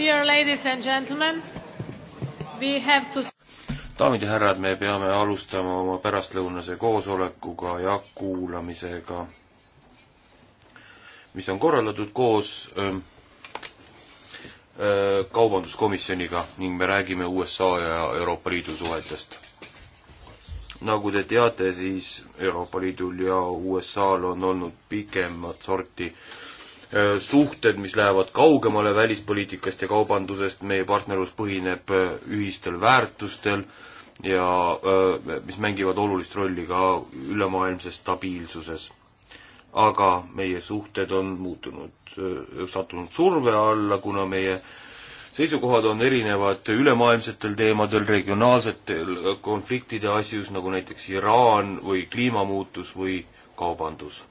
Dear ladies and gentlemen, we have to daamid ja härrad, me peame alustama oma pärastlõunase koosolekuga ja kuulamisega, mis on korraldatud koos öö, ähm, öö, äh, kaubanduskomisjoniga ning me räägime USA ja Euroopa Liidu suhetest. nagu te teate, siis Euroopa Liidul ja USA-l on olnud pikemat sorti öö, Äh, suhted, mis lähevad kaugemale välispoliitikast ja kaubandusest, meie partnerlus põhineb äh, ühistel väärtustel ja äh, mis mängivad olulist rolli ka ülemaailmses stabiilsuses. aga meie suhted on muutunud, sattunud surve alla, kuna meie seisukohad on erinevad ülemaailmsetel teemadel, regionaalsetel konfliktide asjus, nagu näiteks Iraan või kliimamuutus või kaubandus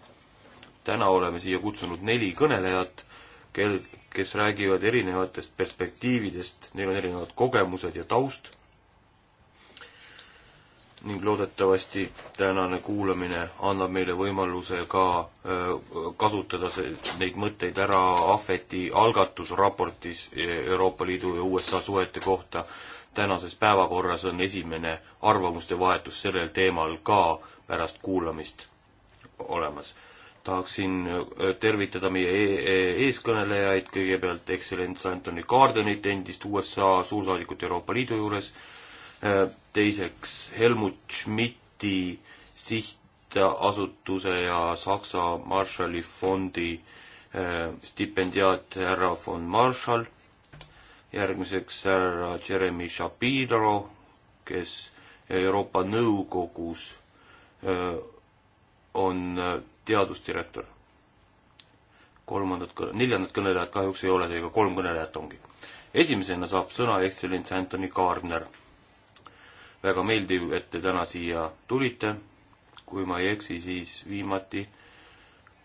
täna oleme siia kutsunud neli kõnelejat, kel, kes räägivad erinevatest perspektiividest, neil on erinevad kogemused ja taust. ning loodetavasti tänane kuulamine annab meile võimaluse ka kasutada see, neid mõtteid ära Ahveti algatusraportis e, Euroopa Liidu ja USA suhete kohta. tänases päevakorras on esimene arvamuste vahetus sellel teemal ka pärast kuulamist olemas tahaksin äh, tervitada meie e, e- eeskõnelejaid, kõigepealt Excellents Anthony Gardenit, endist USA suursaadikut Euroopa Liidu juures, äh, teiseks Helmut Schmidti sihtasutuse ja Saksa Marshalli fondi äh, stipendiaat härra von Marshall, järgmiseks härra Jeremy Shapiro, kes Euroopa Nõukogus on teadusdirektor. kolmandat, neljandat kõnelejat kahjuks ei ole, seega kolm kõnelejat ongi. esimesena saab sõna Excellence Anthony Gardner. väga meeldiv, et te täna siia tulite. kui ma ei eksi, siis viimati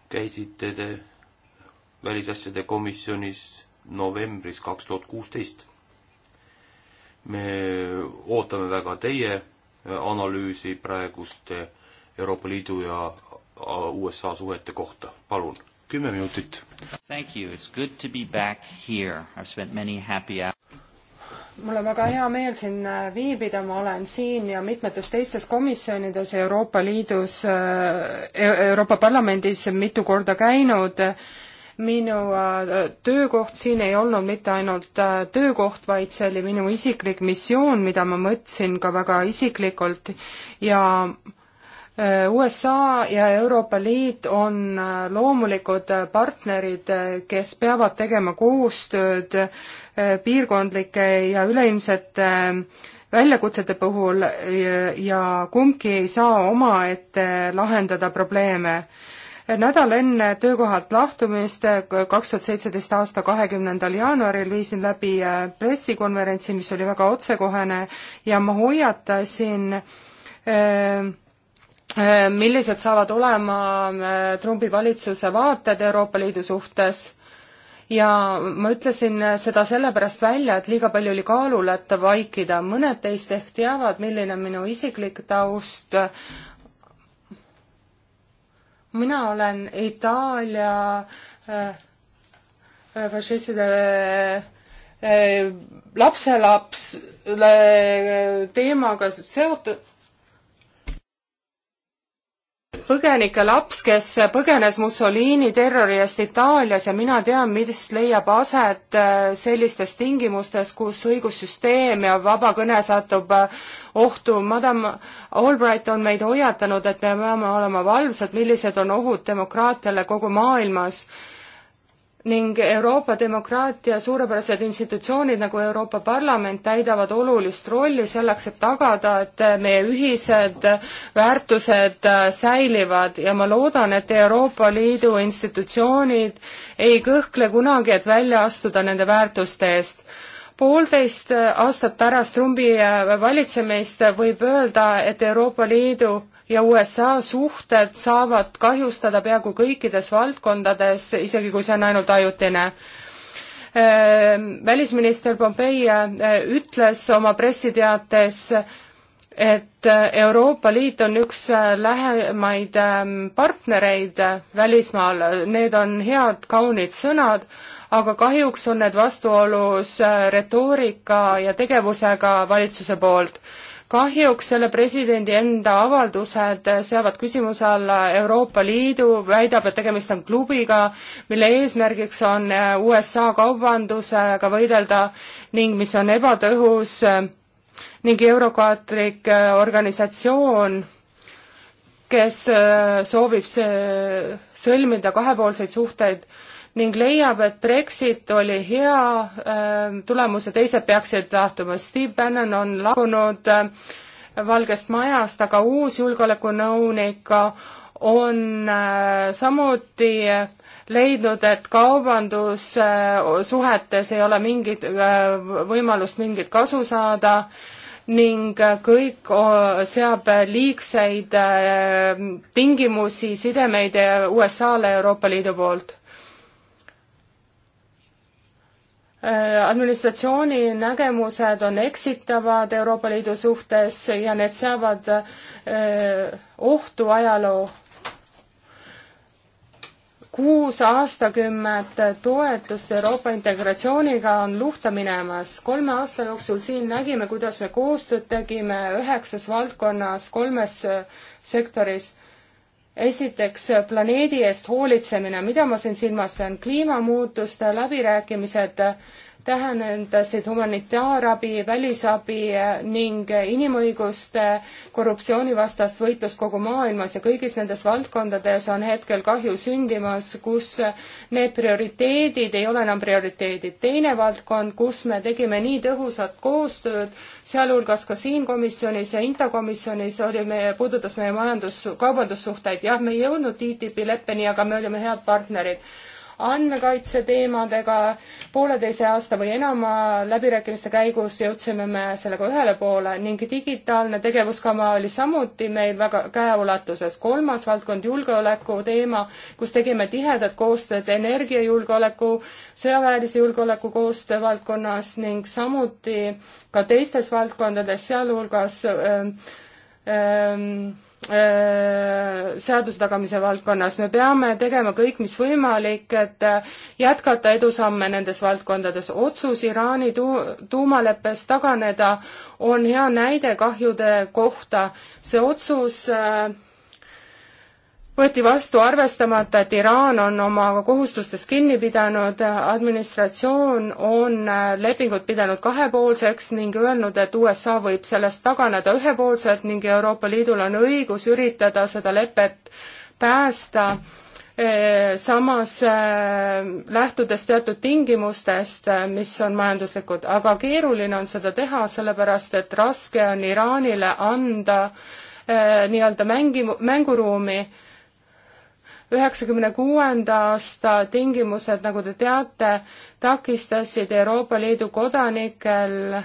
käisite te välisasjade komisjonis novembris kaks tuhat kuusteist. me ootame väga teie analüüsi praeguste Euroopa Liidu ja USA suhete kohta, palun, kümme minutit. Thank you, it's good to be back here, I have spent many happy hours mul on väga hea meel siin äh, viibida, ma olen siin ja mitmetes teistes komisjonides Euroopa Liidus, äh, e-, Euroopa Parlamendis mitu korda käinud. minu äh, töökoht siin ei olnud mitte ainult töökoht, vaid see oli minu isiklik missioon, mida ma mõtlesin ka väga isiklikult ja Äh, USA ja Euroopa Liit on äh, loomulikud äh, partnerid, kes peavad tegema koostööd piirkondlike ja üleilmsete väljakutsete puhul ja kumbki ei saa omaette lahendada probleeme nädal enne töökohalt lahtumist, kaks tuhat seitseteist aasta kahekümnendal jaanuaril viisin läbi pressikonverentsi, mis oli väga otsekohene ja ma hoiatasin äh, Äh, millised saavad olema äh, Trumpi valitsuse vaated Euroopa Liidu suhtes ja ma ütlesin äh, seda sellepärast välja, et liiga palju oli kaalul, et vaikida. mõned teist ehk teavad, milline on minu isiklik taust. mina olen Itaalia äh, fašistide äh, lapselaps äh, teemaga seotud põgenike laps, kes põgenes Mussolini terrori eest Itaalias ja mina tean, mis leiab aset äh, sellistes tingimustes, kus õigussüsteem ja vaba kõne satub äh, ohtu. Madam Albright on meid hoiatanud, et me peame olema valvsad, millised on ohud demokraatiale kogu maailmas ning Euroopa demokraatia suurepärased institutsioonid nagu Euroopa Parlament täidavad olulist rolli selleks, et tagada, et meie ühised väärtused äh, säilivad ja ma loodan, et Euroopa Liidu institutsioonid ei kõhkle kunagi, et välja astuda nende väärtuste eest poolteist äh, aastat pärast Trumpi äh, valitsemist võib öelda, et Euroopa Liidu ja USA suhted saavad kahjustada peaaegu kõikides valdkondades, isegi kui see on ainult ajutine. Ehm, välisminister Pompei eh, ütles oma pressiteates, et eh, Euroopa Liit on üks eh, lähemaid ehm, partnereid välismaal, need on head kaunid sõnad, aga kahjuks on need vastuolus retoorika ja tegevusega valitsuse poolt kahjuks selle presidendi enda avaldused seavad küsimuse alla Euroopa Liidu, väidab, et tegemist on klubiga, mille eesmärgiks on äh, USA kaubandusega võidelda ning mis on ebatõhus äh, ning eurokaatlik äh, organisatsioon, kes soovib sõlmida kahepoolseid suhteid ning leiab, et Brexit oli hea ähm, tulemus ja teised peaksid lahtuma. Steve Bannon on lahkunud äh, Valgest Majast, aga uus julgeolekunõunik on äh, samuti leidnud, et kaubandussuhetes ei ole mingit äh, võimalust mingit kasu saada ning kõik seab liigseid tingimusi, sidemeid USA-le Euroopa Liidu poolt. Äh, administratsiooni nägemused on eksitavad Euroopa Liidu suhtes ja need seavad äh, ohtu ajaloo kuus aastakümmet toetust Euroopa integratsiooniga on luhta minemas. kolme aasta jooksul siin nägime, kuidas me koostööd tegime üheksas valdkonnas, kolmes äh, sektoris esiteks planeedi eest hoolitsemine, mida ma siin silmas pean, kliimamuutuste läbirääkimised äh, tähendasid humanitaarabi, välisabi äh, ning inimõiguste korruptsioonivastast võitlust kogu maailmas ja kõigis nendes valdkondades on hetkel kahju sündimas, kus äh, need prioriteedid ei ole enam prioriteedid. teine valdkond, kus me tegime nii tõhusat koostööd, sealhulgas ka siin komisjonis ja INTA komisjonis oli meie, puudutas meie majandus, kaubandussuhteid. jah, me ei jõudnud TTIP-i leppeni, aga me olime head partnerid andmekaitse teemadega pooleteise aasta või enama läbirääkimiste käigus jõudsime me sellega ühele poole ning digitaalne tegevuskava oli samuti meil väga käeulatuses. kolmas valdkond, julgeoleku teema, kus tegime tihedat koostööd energiajulgeoleku, sõjaväelise julgeoleku koostöö valdkonnas ning samuti ka teistes valdkondades, sealhulgas ähm, ähm, seaduse tagamise valdkonnas, me peame tegema kõik, mis võimalik, et äh, jätkata edusamme nendes valdkondades. otsus Iraani tu-, tuumaleppest taganeda on hea näide kahjude kohta. see otsus äh, võeti vastu arvestamata, et Iraan on oma kohustustest kinni pidanud, administratsioon on äh, lepingut pidanud kahepoolseks ning öelnud, et USA võib sellest taganeda ühepoolselt ning Euroopa Liidul on õigus üritada seda lepet päästa, äh, samas äh, lähtudes teatud tingimustest, mis on majanduslikud, aga keeruline on seda teha, sellepärast et raske on Iraanile anda nii-öelda mängi, mänguruumi üheksakümne kuuenda aasta tingimused, nagu te teate, takistasid Euroopa Liidu kodanikel äh,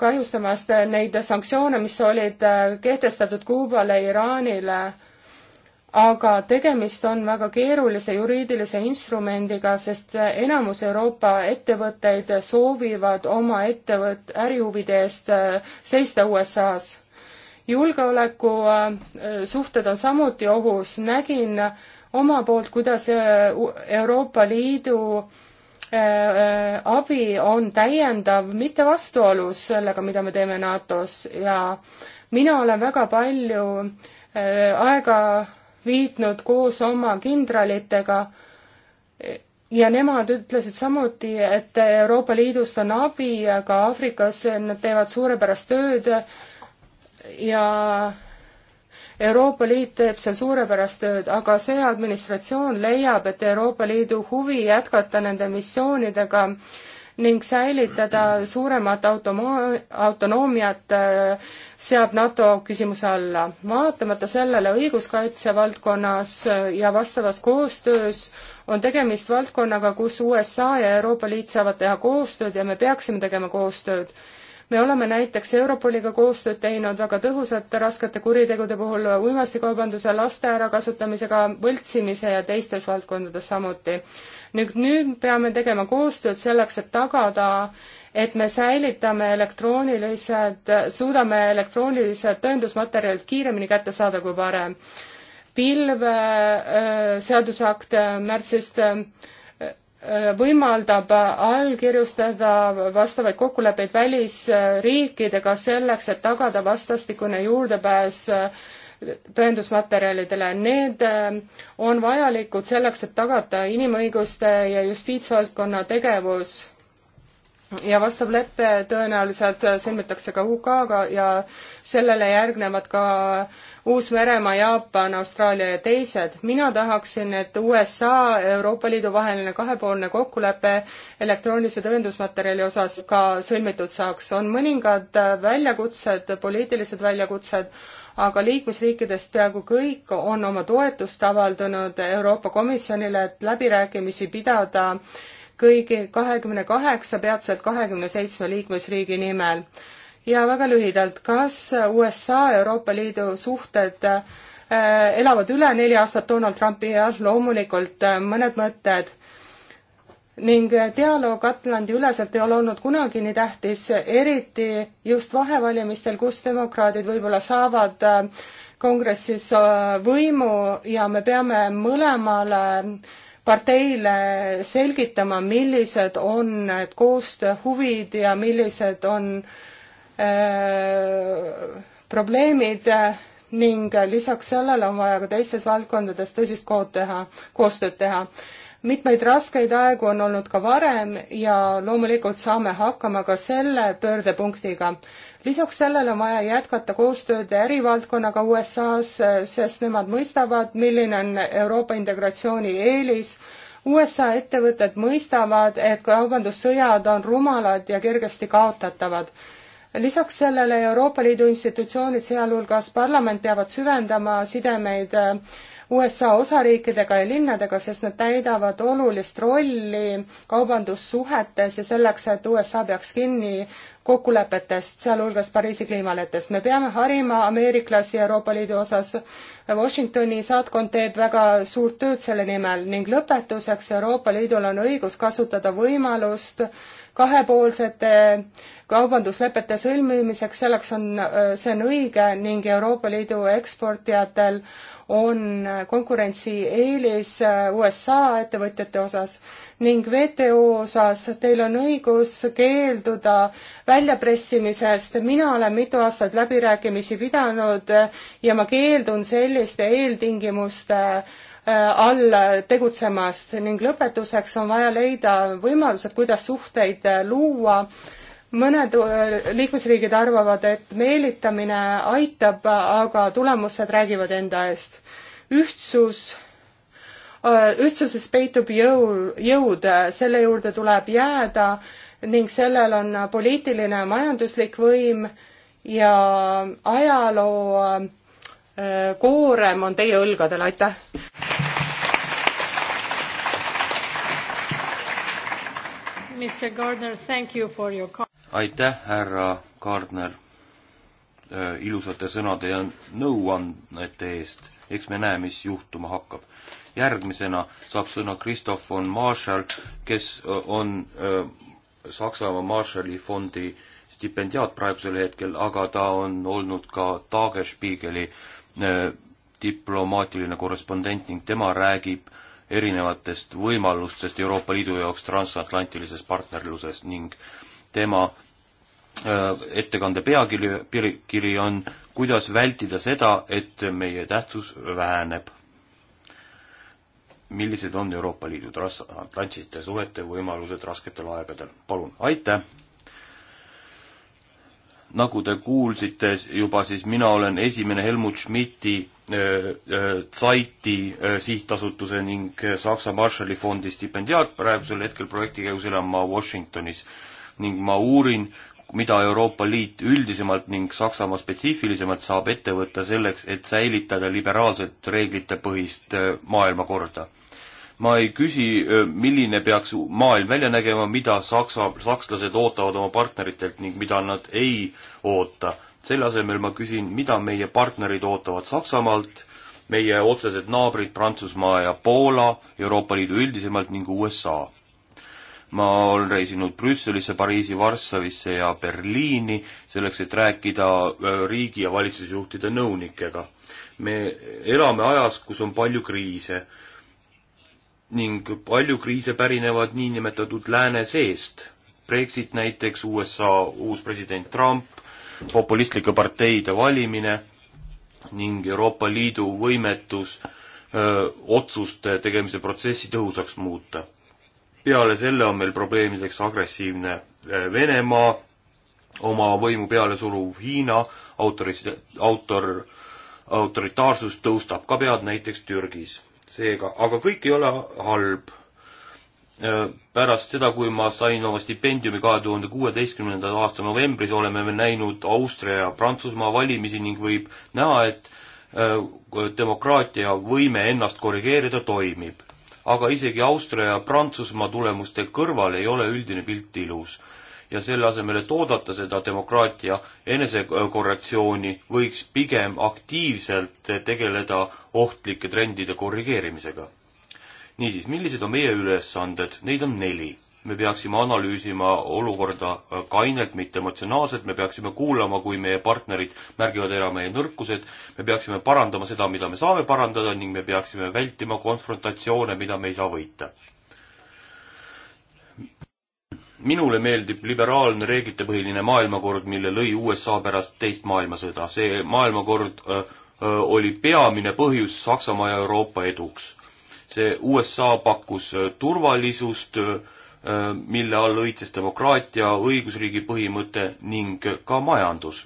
kahjustamast neid sanktsioone, mis olid äh, kehtestatud Kuubale, Iraanile, aga tegemist on väga keerulise juriidilise instrumendiga, sest enamus Euroopa ettevõtteid soovivad oma ettevõt-, ärihuvide eest äh, seista USA-s julgeolekusuhted äh, on samuti ohus, nägin oma poolt, kuidas äh, Euroopa Liidu äh, abi on täiendav, mitte vastuolus sellega, mida me teeme NATO-s ja mina olen väga palju aega viitnud koos oma kindralitega ja nemad ütlesid samuti, et Euroopa Liidust on abi, aga Aafrikas nad teevad suurepärast tööd, ja Euroopa Liit teeb seal suurepärast tööd, aga see administratsioon leiab, et Euroopa Liidu huvi jätkata nende missioonidega ning säilitada suuremat automa-, autonoomiat äh, seab NATO küsimuse alla. vaatamata sellele õiguskaitse valdkonnas äh, ja vastavas koostöös on tegemist valdkonnaga, kus USA ja Euroopa Liit saavad teha koostööd ja me peaksime tegema koostööd me oleme näiteks Europoliga koostööd teinud väga tõhusate raskete kuritegude puhul uimastikaubanduse, laste ärakasutamisega, võltsimise ja teistes valdkondades samuti. nüüd, nüüd peame tegema koostööd selleks, et tagada et me säilitame elektroonilised, suudame elektroonilised tõendusmaterjalid kiiremini kätte saada kui varem. pilve äh, seadusakt äh, märtsist äh, võimaldab allkirjustada vastavaid kokkuleppeid välisriikidega selleks, et tagada vastastikune juurdepääs tõendusmaterjalidele. Need äh, on vajalikud selleks, et tagada inimõiguste ja justiitsvaldkonna tegevus ja vastav lepe tõenäoliselt sõlmitakse ka UK-ga ja sellele järgnevad ka Uus-Meremaa, Jaapan, Austraalia ja teised. mina tahaksin, et USA, Euroopa Liidu vaheline kahepoolne kokkulepe elektroonilise tõendusmaterjali osas ka sõlmitud saaks. on mõningad väljakutsed, poliitilised väljakutsed, aga liikmesriikidest peaaegu kõik on oma toetust avaldanud Euroopa Komisjonile, et läbirääkimisi pidada äh, kõigi kahekümne kaheksa, peatselt kahekümne seitsme liikmesriigi nimel. ja väga lühidalt, kas USA ja Euroopa Liidu suhted äh, elavad üle neli aastat Donald Trumpi all, loomulikult äh, mõned mõtted ning dialoog Atlandi üleselt ei ole olnud kunagi nii tähtis, eriti just vahevalimistel, kus demokraadid võib-olla saavad äh, kongressis äh, võimu ja me peame mõlemale parteile selgitama, millised on need koostööhuvid ja millised on öö, äh, probleemid ning lisaks sellele on vaja ka teistes valdkondades tõsist kood teha, koostööd teha. mitmeid raskeid aegu on olnud ka varem ja loomulikult saame hakkama ka selle pöördepunktiga lisaks sellele on vaja jätkata koostööd ärivaldkonnaga USA-s, sest nemad mõistavad, milline on Euroopa integratsiooni eelis. USA ettevõtted mõistavad, et kaubandussõjad on rumalad ja kergesti kaotatavad lisaks sellele Euroopa Liidu institutsioonid, sealhulgas parlament, peavad süvendama sidemeid äh, USA osariikidega ja linnadega, sest nad täidavad olulist rolli kaubandussuhetes ja selleks, et USA peaks kinni kokkulepetest, sealhulgas Pariisi kliimalepetest. me peame harima ameeriklasi Euroopa Liidu osas. Washingtoni saatkond teeb väga suurt tööd selle nimel ning lõpetuseks Euroopa Liidul on õigus kasutada võimalust kahepoolsete kaubanduslepete sõlmimiseks, selleks on, äh, see on õige ning Euroopa Liidu eksportijatel on konkurentsieelis äh, USA ettevõtjate osas ning WTO osas teil on õigus keelduda väljapressimisest. mina olen mitu aastat läbirääkimisi pidanud äh, ja ma keeldun selliste eeltingimuste all tegutsemast ning lõpetuseks on vaja leida võimalused, kuidas suhteid luua mõned äh, liikmesriigid arvavad, et meelitamine aitab, aga tulemused räägivad enda eest. ühtsus, äh, ühtsuses peitub jõu, jõud, selle juurde tuleb jääda ning sellel on poliitiline ja majanduslik võim ja ajaloo äh, koorem on teie õlgadel, aitäh! Mr Gardner, thank you for your aitäh, härra Gardner, äh, ilusate sõnade ja nõuannete eest. eks me näe, mis juhtuma hakkab. järgmisena saab sõna Christoph von Marschall, kes äh, on äh, Saksamaa Marshalli fondi stipendiaat praegusel hetkel, aga ta on olnud ka Tagespiegeli diplomaatiline korrespondent ning tema räägib erinevatest võimalustest Euroopa Liidu jaoks transatlantilises partnerluses ning äh, tema äh, ettekande peakiri on Kuidas vältida seda, et meie tähtsus väheneb? millised on Euroopa Liidu transatlantsete suhete võimalused rasketel aegadel? palun, aitäh! nagu te kuulsite juba, siis mina olen esimene Helmut Schmidti äh, äh, Zeiti äh, sihtasutuse ning Saksa Marshalli fondi stipendiaat, praegusel hetkel projekti käigus elan ma Washingtonis äh, ning ma uurin, mida Euroopa Liit üldisemalt ning Saksamaa spetsiifilisemalt saab ette võtta selleks, et säilitada liberaalset reeglitepõhist maailmakorda. ma ei küsi, milline peaks maailm välja nägema, mida saksa, sakslased ootavad oma partneritelt ning mida nad ei oota. selle asemel ma küsin, mida meie partnerid ootavad Saksamaalt, meie otsesed naabrid Prantsusmaa ja Poola, Euroopa Liidu üldisemalt ning USA ma olen reisinud Brüsselisse, Pariisi, Varssavisse ja Berliini selleks, et rääkida äh, riigi- ja valitsusjuhtide nõunikega. me elame ajas, kus on palju kriise ning palju kriise pärinevad niinimetatud lääne seest. Brexit näiteks, USA uus president Trump, populistlike parteide valimine ning Euroopa Liidu võimetus öö, äh, otsuste tegemise protsessi tõhusaks muuta peale selle on meil probleemideks agressiivne äh, Venemaa, oma võimu peale suruv Hiina, autoris-, autor, autoritaarsus tõustab ka pead näiteks Türgis. seega, aga kõik ei ole halb. Äh, pärast seda, kui ma sain oma stipendiumi kahe tuhande kuueteistkümnenda aasta novembris, oleme me näinud Austria ja Prantsusmaa valimisi ning võib näha, et äh, demokraatia võime ennast korrigeerida toimib aga isegi Austria ja Prantsusmaa tulemuste kõrval ei ole üldine pilt ilus. ja selle asemel, et oodata seda demokraatia enesekorrektsiooni, võiks pigem aktiivselt tegeleda ohtlike trendide korrigeerimisega. niisiis, millised on meie ülesanded, neid on neli me peaksime analüüsima olukorda äh, kainelt, mitte emotsionaalselt, me peaksime kuulama, kui meie partnerid märgivad ära meie nõrkused, me peaksime parandama seda, mida me saame parandada ning me peaksime vältima konfrontatsioone, mida me ei saa võita. minule meeldib liberaalne reeglitepõhiline maailmakord, mille lõi USA pärast teist maailmasõda. see maailmakord öö, äh, öö, äh, oli peamine põhjus Saksamaa ja Euroopa eduks. see USA pakkus turvalisust öö, Äh, mille all õitses demokraatia, õigusriigi põhimõte ning ka majandus,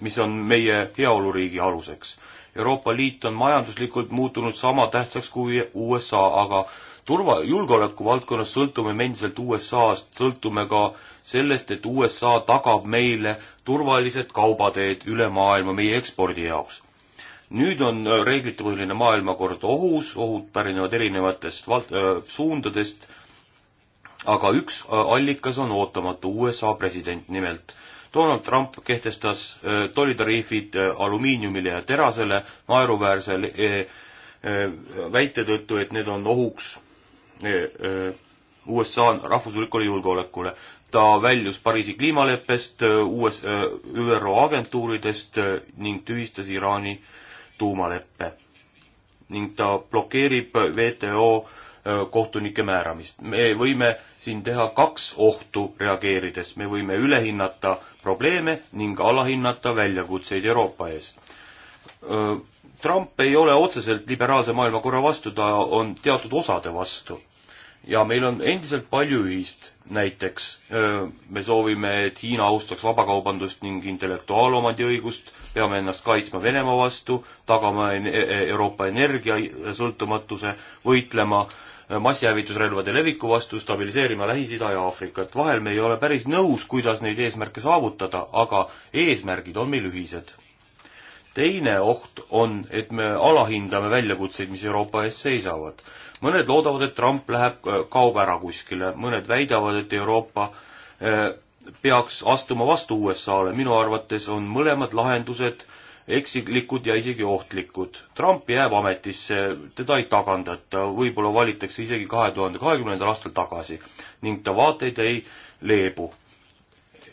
mis on meie heaoluriigi aluseks. Euroopa Liit on majanduslikult muutunud sama tähtsaks kui USA, aga turva, julgeoleku valdkonnas sõltume me endiselt USA-st, sõltume ka sellest, et USA tagab meile turvalised kaubateed üle maailma meie ekspordi jaoks. nüüd on äh, reeglitepõhine maailmakord ohus, ohud pärinevad erinevatest vald-, äh, suundadest aga üks äh, allikas on ootamatu, USA president nimelt. Donald Trump kehtestas äh, tollitariifid äh, alumiiniumile ja terasele naeruväärse väite tõttu, et need on ohuks USA rahvuslikule julgeolekule. ta väljus Pariisi kliimaleppest, US, ÜRO agentuuridest ning tühistas Iraani tuumaleppe. ning ta blokeerib WTO kohtunike määramist. me võime siin teha kaks ohtu reageerides, me võime üle hinnata probleeme ning alahinnata väljakutseid Euroopa ees. Trump ei ole otseselt liberaalse maailmakorra vastu, ta on teatud osade vastu. ja meil on endiselt palju ühist, näiteks me soovime, et Hiina austaks vabakaubandust ning intellektuaalomandi õigust, peame ennast kaitsma Venemaa vastu, tagama Euroopa energiasõltumatuse, võitlema äh, massihävitusrelvade leviku vastu, stabiliseerima Lähis-Ida ja Aafrikat. vahel me ei ole päris nõus, kuidas neid eesmärke saavutada, aga eesmärgid on meil ühised. teine oht on, et me alahindame väljakutseid, mis Euroopa ees seisavad. mõned loodavad, et Trump läheb, äh, kaob ära kuskile, mõned väidavad, et Euroopa äh, peaks astuma vastu USA-le, minu arvates on mõlemad lahendused eksilikud ja isegi ohtlikud. Trump jääb ametisse, teda ei tagandata, võib-olla valitakse isegi kahe tuhande kahekümnendal aastal tagasi ning ta vaateid ei leebu.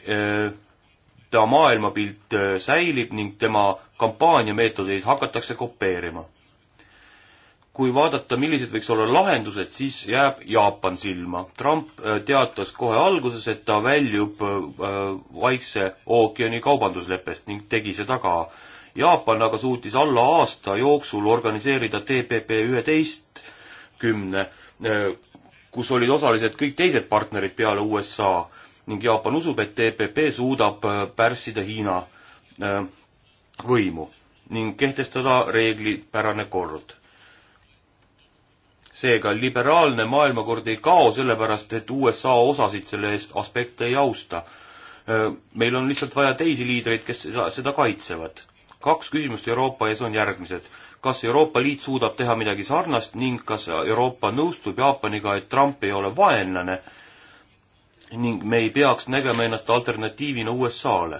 Äh, ta maailmapilt äh, säilib ning tema kampaaniameetodeid hakatakse kopeerima. kui vaadata, millised võiks olla lahendused, siis jääb Jaapan silma. Trump äh, teatas kohe alguses, et ta väljub Vaikse ookeani kaubandusleppest ning tegi seda ka Jaapan aga suutis alla aasta jooksul organiseerida TPP üheteist kümne, eh, kus olid osalised kõik teised partnerid peale USA ning Jaapan usub, et TPP suudab eh, pärssida Hiina eh, võimu ning kehtestada reeglipärane kord. seega liberaalne maailmakord ei kao sellepärast, et USA osasid selle eest aspekte ei austa. meil on lihtsalt vaja teisi liidreid, kes seda, seda kaitsevad kaks küsimust Euroopa ees on järgmised. kas Euroopa Liit suudab teha midagi sarnast ning kas Euroopa nõustub Jaapaniga, et Trump ei ole vaenlane ning me ei peaks nägema ennast alternatiivina USA-le?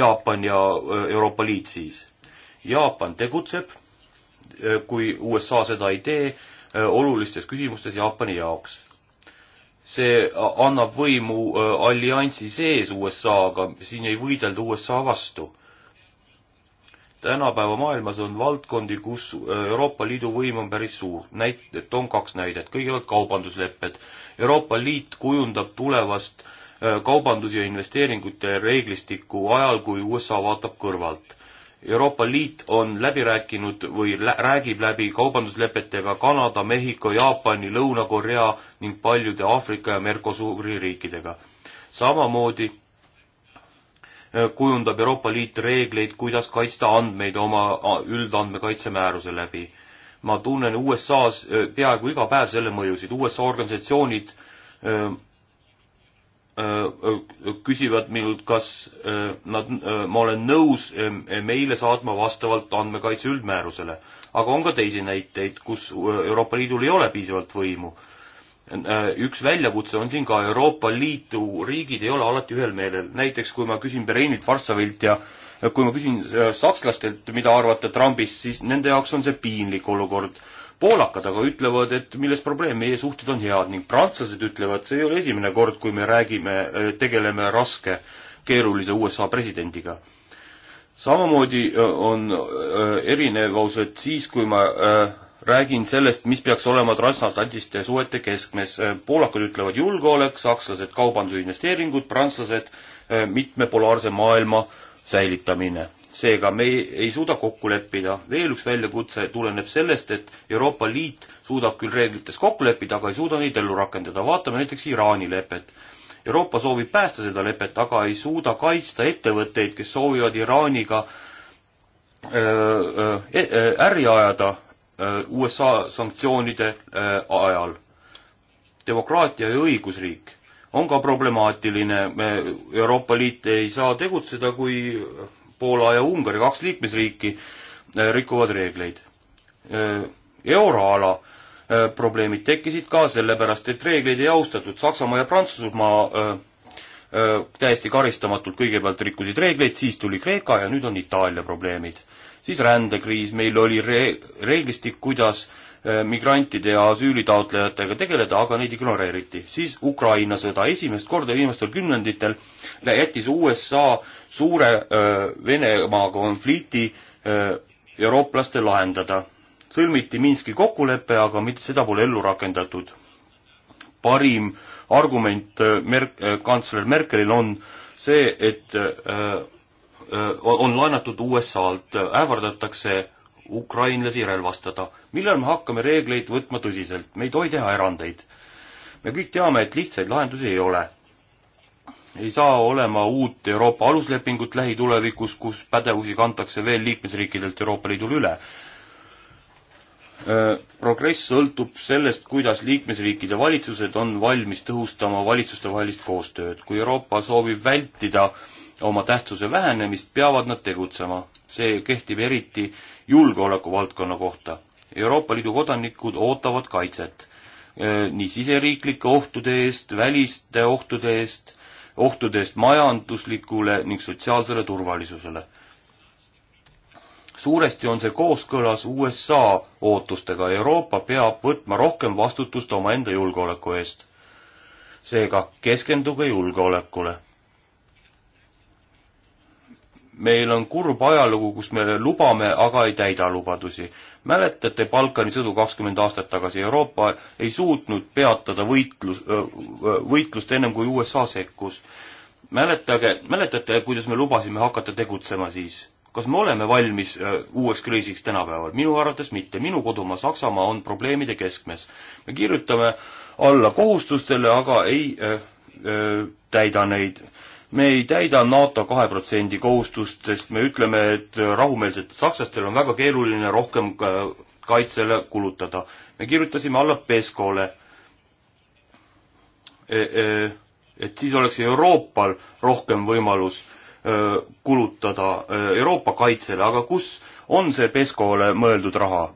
Jaapan ja äh, Euroopa Liit siis. Jaapan tegutseb, äh, kui USA seda ei tee, äh, olulistes küsimustes Jaapani jaoks see annab võimu alliansi sees USA-ga, siin ei võidelda USA vastu. tänapäeva maailmas on valdkondi, kus Euroopa Liidu võim on päris suur. näit-, toon kaks näidet, kõigepealt kaubanduslepped. Euroopa Liit kujundab tulevast kaubandus- ja investeeringute reeglistikku ajal, kui USA vaatab kõrvalt Euroopa Liit on läbi rääkinud või lä räägib läbi kaubanduslepetega Kanada, Mehhiko, Jaapani, Lõuna-Korea ning paljude Aafrika ja Mercosuri riikidega. samamoodi äh, kujundab Euroopa Liit reegleid, kuidas kaitsta andmeid oma üldandmekaitse määruse läbi. ma tunnen USA-s äh, peaaegu iga päev selle mõjusid, USA organisatsioonid öö, äh, Äh, äh, küsivad minult, kas äh, nad, ma olen nõus meile saatma vastavalt andmekaitse üldmäärusele. aga on ka teisi näiteid, kus Euroopa Liidul ei ole piisavalt võimu. üks väljakutse on siin ka, Euroopa Liidu riigid ei ole alati ühel meelel, näiteks kui ma küsin Berliinilt, Varssavilt ja kui ma küsin sakslastelt, mida arvate Trumpist, siis nende jaoks on see piinlik olukord poolakad aga ütlevad, et milles probleem, meie suhted on head ning prantslased ütlevad, see ei ole esimene kord, kui me räägime, äh, tegeleme raske, keerulise USA presidendiga. samamoodi äh, on äh, erinevused siis, kui ma räägin sellest, mis peaks olema transatlantiliste suhete keskmes. poolakad ütlevad julgeolek, sakslased kaubandusinvesteeringud, prantslased mitmepolaarse maailma säilitamine seega me ei, ei suuda kokku leppida. veel üks väljakutse tuleneb sellest, et Euroopa Liit suudab küll reeglites kokku leppida, aga ei suuda neid ellu rakendada. vaatame näiteks Iraani lepet. Euroopa soovib päästa seda lepet, aga ei suuda kaitsta ettevõtteid, kes soovivad Iraaniga e, äri ajada USA sanktsioonide ajal. demokraatia ja õigusriik on ka problemaatiline, me, Euroopa Liit ei saa tegutseda, kui Poola ja Ungari, kaks liikmesriiki, äh, rikuvad reegleid. Äh, euroala äh, probleemid tekkisid ka sellepärast, et reegleid ei austatud. Saksamaa ja Prantsusmaa täiesti karistamatult kõigepealt rikkusid reegleid, siis tuli Kreeka ja nüüd on Itaalia probleemid. siis rändekriis, meil oli re-, reeglistik, kuidas äh, Äh, migrantide ja asüülitaotlejatega tegeleda, aga neid ignoreeriti. siis Ukraina sõda, esimest korda viimastel kümnenditel jättis USA suure äh, Venemaa konflikti äh, eurooplaste lahendada. sõlmiti Minski kokkulepe, aga mitte seda pole ellu rakendatud. parim argument Merk-, kantsler Merkelil on see, et on laenatud USA-lt, ähvardatakse ukrainlasi relvastada. millal me hakkame reegleid võtma tõsiselt? me ei tohi teha erandeid. me kõik teame, et lihtsaid lahendusi ei ole. ei saa olema uut Euroopa aluslepingut lähitulevikus, kus pädevusi kantakse veel liikmesriikidelt Euroopa Liidule üle. Äh, progress sõltub sellest, kuidas liikmesriikide valitsused on valmis tõhustama valitsustevahelist koostööd. kui Euroopa soovib vältida oma tähtsuse vähenemist, peavad nad tegutsema see kehtib eriti julgeoleku valdkonna kohta. Euroopa Liidu kodanikud ootavad kaitset e, nii siseriiklike ohtude eest, väliste ohtude eest, ohtude eest majanduslikule ning sotsiaalsele turvalisusele. suuresti on see kooskõlas USA ootustega, Euroopa peab võtma rohkem vastutust omaenda julgeoleku eest. seega keskenduge julgeolekule meil on kurb ajalugu, kus me lubame, aga ei täida lubadusi. mäletate Balkani sõdu kakskümmend aastat tagasi, Euroopa ei suutnud peatada võitlus, võitlust ennem kui USA sekkus. mäletage, mäletate, kuidas me lubasime hakata tegutsema siis? kas me oleme valmis uueks kriisiks tänapäeval? minu arvates mitte. minu kodumaa Saksamaa on probleemide keskmes. me kirjutame alla kohustustele, aga ei öö, öö, täida neid me ei täida NATO kahe protsendi kohustust, sest me ütleme, et rahumeelsetel sakslastel on väga keeruline rohkem äh, kaitsele kulutada. me kirjutasime alla Peskole, e, e, et siis oleks Euroopal rohkem võimalus äh, kulutada äh, Euroopa kaitsele, aga kus on see Peskole mõeldud raha?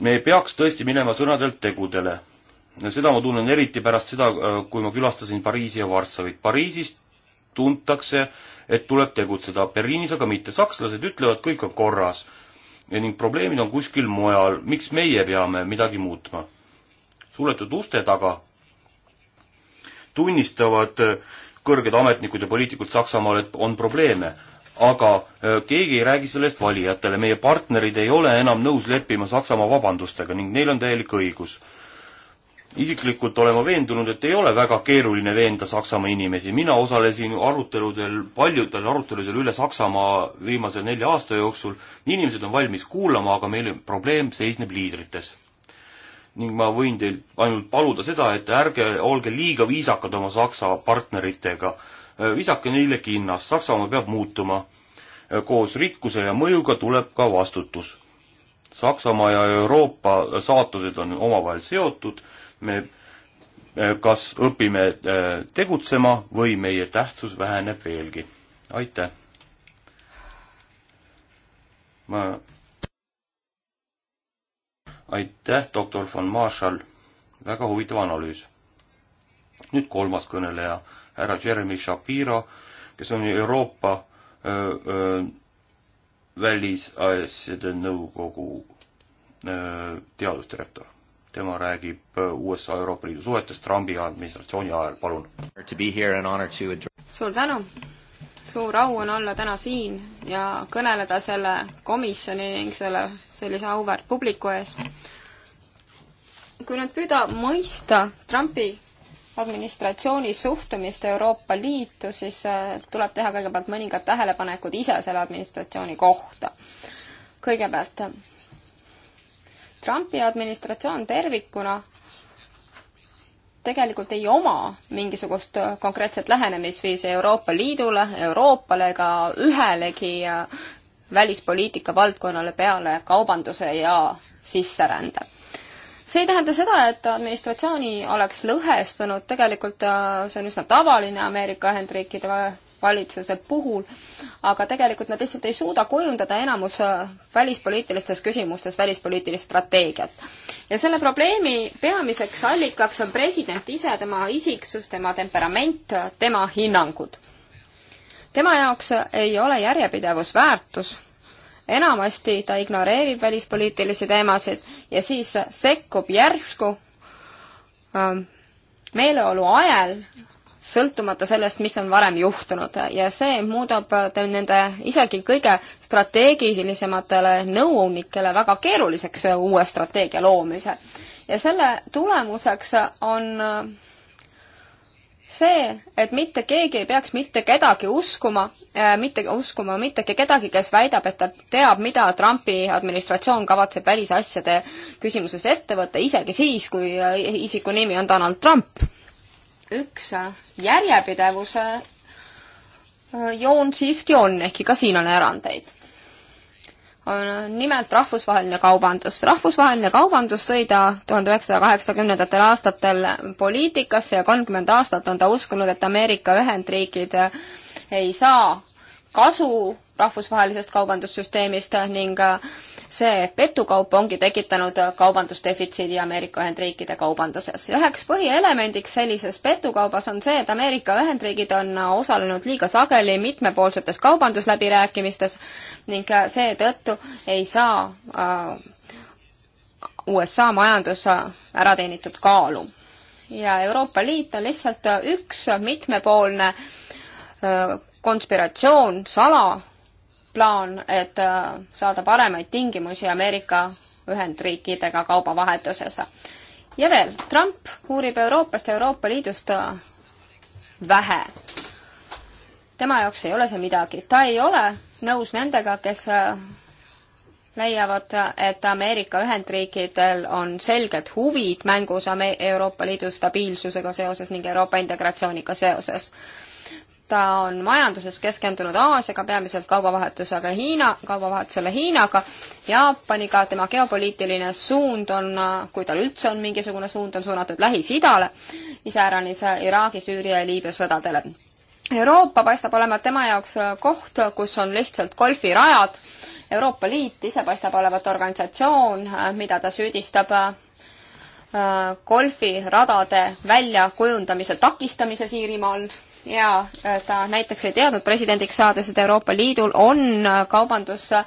me peaks tõesti minema sõnadelt tegudele seda ma tunnen eriti pärast seda, äh, kui ma külastasin Pariisi ja Varssavit. Pariisis tuntakse, et tuleb tegutseda, Berliinis aga mitte. sakslased ütlevad, kõik on korras ja ning probleemid on kuskil mujal, miks meie peame midagi muutma? suletud uste taga tunnistavad äh, kõrged ametnikud ja poliitikud Saksamaal, et on probleeme, aga äh, keegi ei räägi sellest valijatele, meie partnerid ei ole enam nõus leppima Saksamaa vabandustega ning neil on täielik õigus isiklikult olen ma veendunud, et ei ole väga keeruline veenda Saksamaa inimesi, mina osalesin aruteludel, paljudel aruteludel üle Saksamaa viimase nelja aasta jooksul, inimesed on valmis kuulama, aga meil probleem seisneb liidrites. ning ma võin teilt ainult paluda seda, et ärge olge liiga viisakad oma Saksa partneritega, äh, visake neile kinnast, Saksamaa peab muutuma. Äh, koos rikkuse ja mõjuga tuleb ka vastutus. Saksamaa ja Euroopa saatused on omavahel seotud me äh, kas õpime äh, tegutsema või meie tähtsus väheneb veelgi. aitäh! ma aitäh, doktor von Marshall, väga huvitav analüüs. nüüd kolmas kõneleja, härra Jeremy Shapiro, kes on Euroopa öö, äh, öö, välisasjade nõukogu öö, teadusdirektor tema räägib USA Euroopa Liidu suhetest Trumpi administratsiooni ajal, palun. suur tänu! suur au on olla täna siin ja kõneleda selle komisjoni ning selle, sellise auväärt publiku ees. kui nüüd püüda mõista Trumpi administratsiooni suhtumist Euroopa Liitu, siis äh, tuleb teha kõigepealt mõningad tähelepanekud ise selle administratsiooni kohta. kõigepealt Trumpi administratsioon tervikuna tegelikult ei oma mingisugust konkreetset lähenemisviisi Euroopa Liidule, Euroopale ega ühelegi välispoliitika valdkonnale peale kaubanduse ja sisserände. see ei tähenda seda, et administratsiooni oleks lõhestunud, tegelikult äh, see on üsna tavaline Ameerika Ühendriikide valitsuse puhul, aga tegelikult nad lihtsalt ei suuda kujundada enamus äh, välispoliitilistes küsimustes välispoliitilist strateegiat. ja selle probleemi peamiseks allikaks on president ise, tema isiksus, tema temperament, tema hinnangud. tema jaoks ei ole järjepidevus väärtus enamasti ta ignoreerib välispoliitilisi teemasid ja siis sekkub järsku ähm, meeleolu ajel sõltumata sellest, mis on varem juhtunud ja see muudab nende isegi kõige strateegilisematele nõunikele väga keeruliseks uue strateegia loomise. ja selle tulemuseks on see, et mitte keegi ei peaks mitte kedagi uskuma, äh, mitte uskuma mitte kedagi, kes väidab, et ta teab, mida Trumpi administratsioon kavatseb välisasjade küsimuses ette võtta, isegi siis, kui äh, isiku nimi on Donald Trump üks järjepidevuse äh, joon siiski on, ehkki ka siin on erandeid. on äh, nimelt rahvusvaheline kaubandus. rahvusvaheline kaubandus tõi ta tuhande üheksasaja kaheksakümnendatel aastatel poliitikasse ja kolmkümmend aastat on ta uskunud, et Ameerika Ühendriigid äh, ei saa kasu rahvusvahelisest kaubandussüsteemist ning äh, see petukaup ongi tekitanud kaubandusdefitsiidi Ameerika Ühendriikide kaubanduses. üheks põhielemendiks sellises petukaubas on see, et Ameerika Ühendriigid on osalenud liiga sageli mitmepoolsetes kaubandusläbirääkimistes ning äh, seetõttu ei saa äh, USA majandus ära teenitud kaalu. ja Euroopa Liit on lihtsalt üks mitmepoolne konspiratsioon, sala, plaan, et äh, saada paremaid tingimusi Ameerika Ühendriikidega kaubavahetuses. ja veel, Trump uurib Euroopast ja Euroopa Liidust äh, vähe. tema jaoks ei ole see midagi, ta ei ole nõus nendega, kes äh, leiavad, et Ameerika Ühendriikidel on selged huvid mängus Euroopa Liidu stabiilsusega seoses ning Euroopa integratsiooniga seoses ta on majanduses keskendunud Aasiaga, peamiselt kaubavahetusega Hiina, kaubavahetusele Hiinaga, Jaapaniga, tema geopoliitiline suund on, kui tal üldse on mingisugune suund, on suunatud Lähis-Idale, iseäranis Iraagi, Süüria ja Liibüa sõdadele. Euroopa paistab olevat tema jaoks koht, kus on lihtsalt golfirajad, Euroopa Liit ise paistab olevat organisatsioon, mida ta süüdistab äh, golfiradade väljakujundamise takistamises Iirimaal ja äh, ta näiteks ei teadnud presidendiks saades, et Euroopa Liidul on äh, kaubandus äh,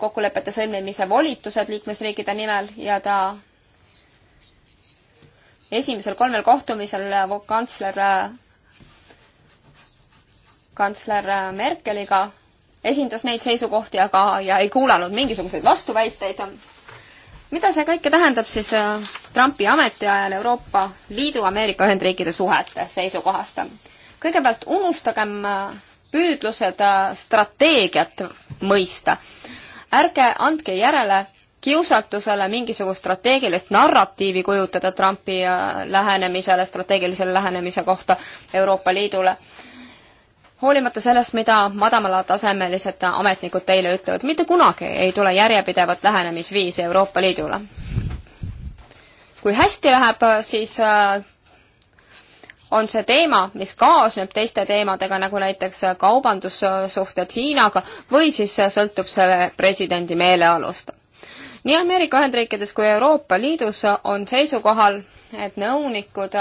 kokkulepete sõlmimise volitused liikmesriikide nimel ja ta esimesel kolmel kohtumisel kantsler, kantsler Merkeliga esindas neid seisukohti, aga, ja ei kuulanud mingisuguseid vastuväiteid mida see kõike tähendab siis äh, Trumpi ametiajal Euroopa Liidu Ameerika Ühendriikide suhete seisukohast? kõigepealt unustagem äh, püüdlused äh, strateegiat mõista. ärge andke järele kiusatusele mingisugust strateegilist narratiivi kujutada Trumpi lähenemisele, strateegilisele lähenemise kohta Euroopa Liidule hoolimata sellest, mida madalatasemelised ametnikud teile ütlevad, mitte kunagi ei tule järjepidevat lähenemisviisi Euroopa Liidule. kui hästi läheb, siis äh, on see teema, mis kaasneb teiste teemadega, nagu näiteks kaubandussuhted Hiinaga, või siis äh, sõltub see presidendi meeleolust. nii Ameerika Ühendriikides kui Euroopa Liidus on seisukohal, et nõunikud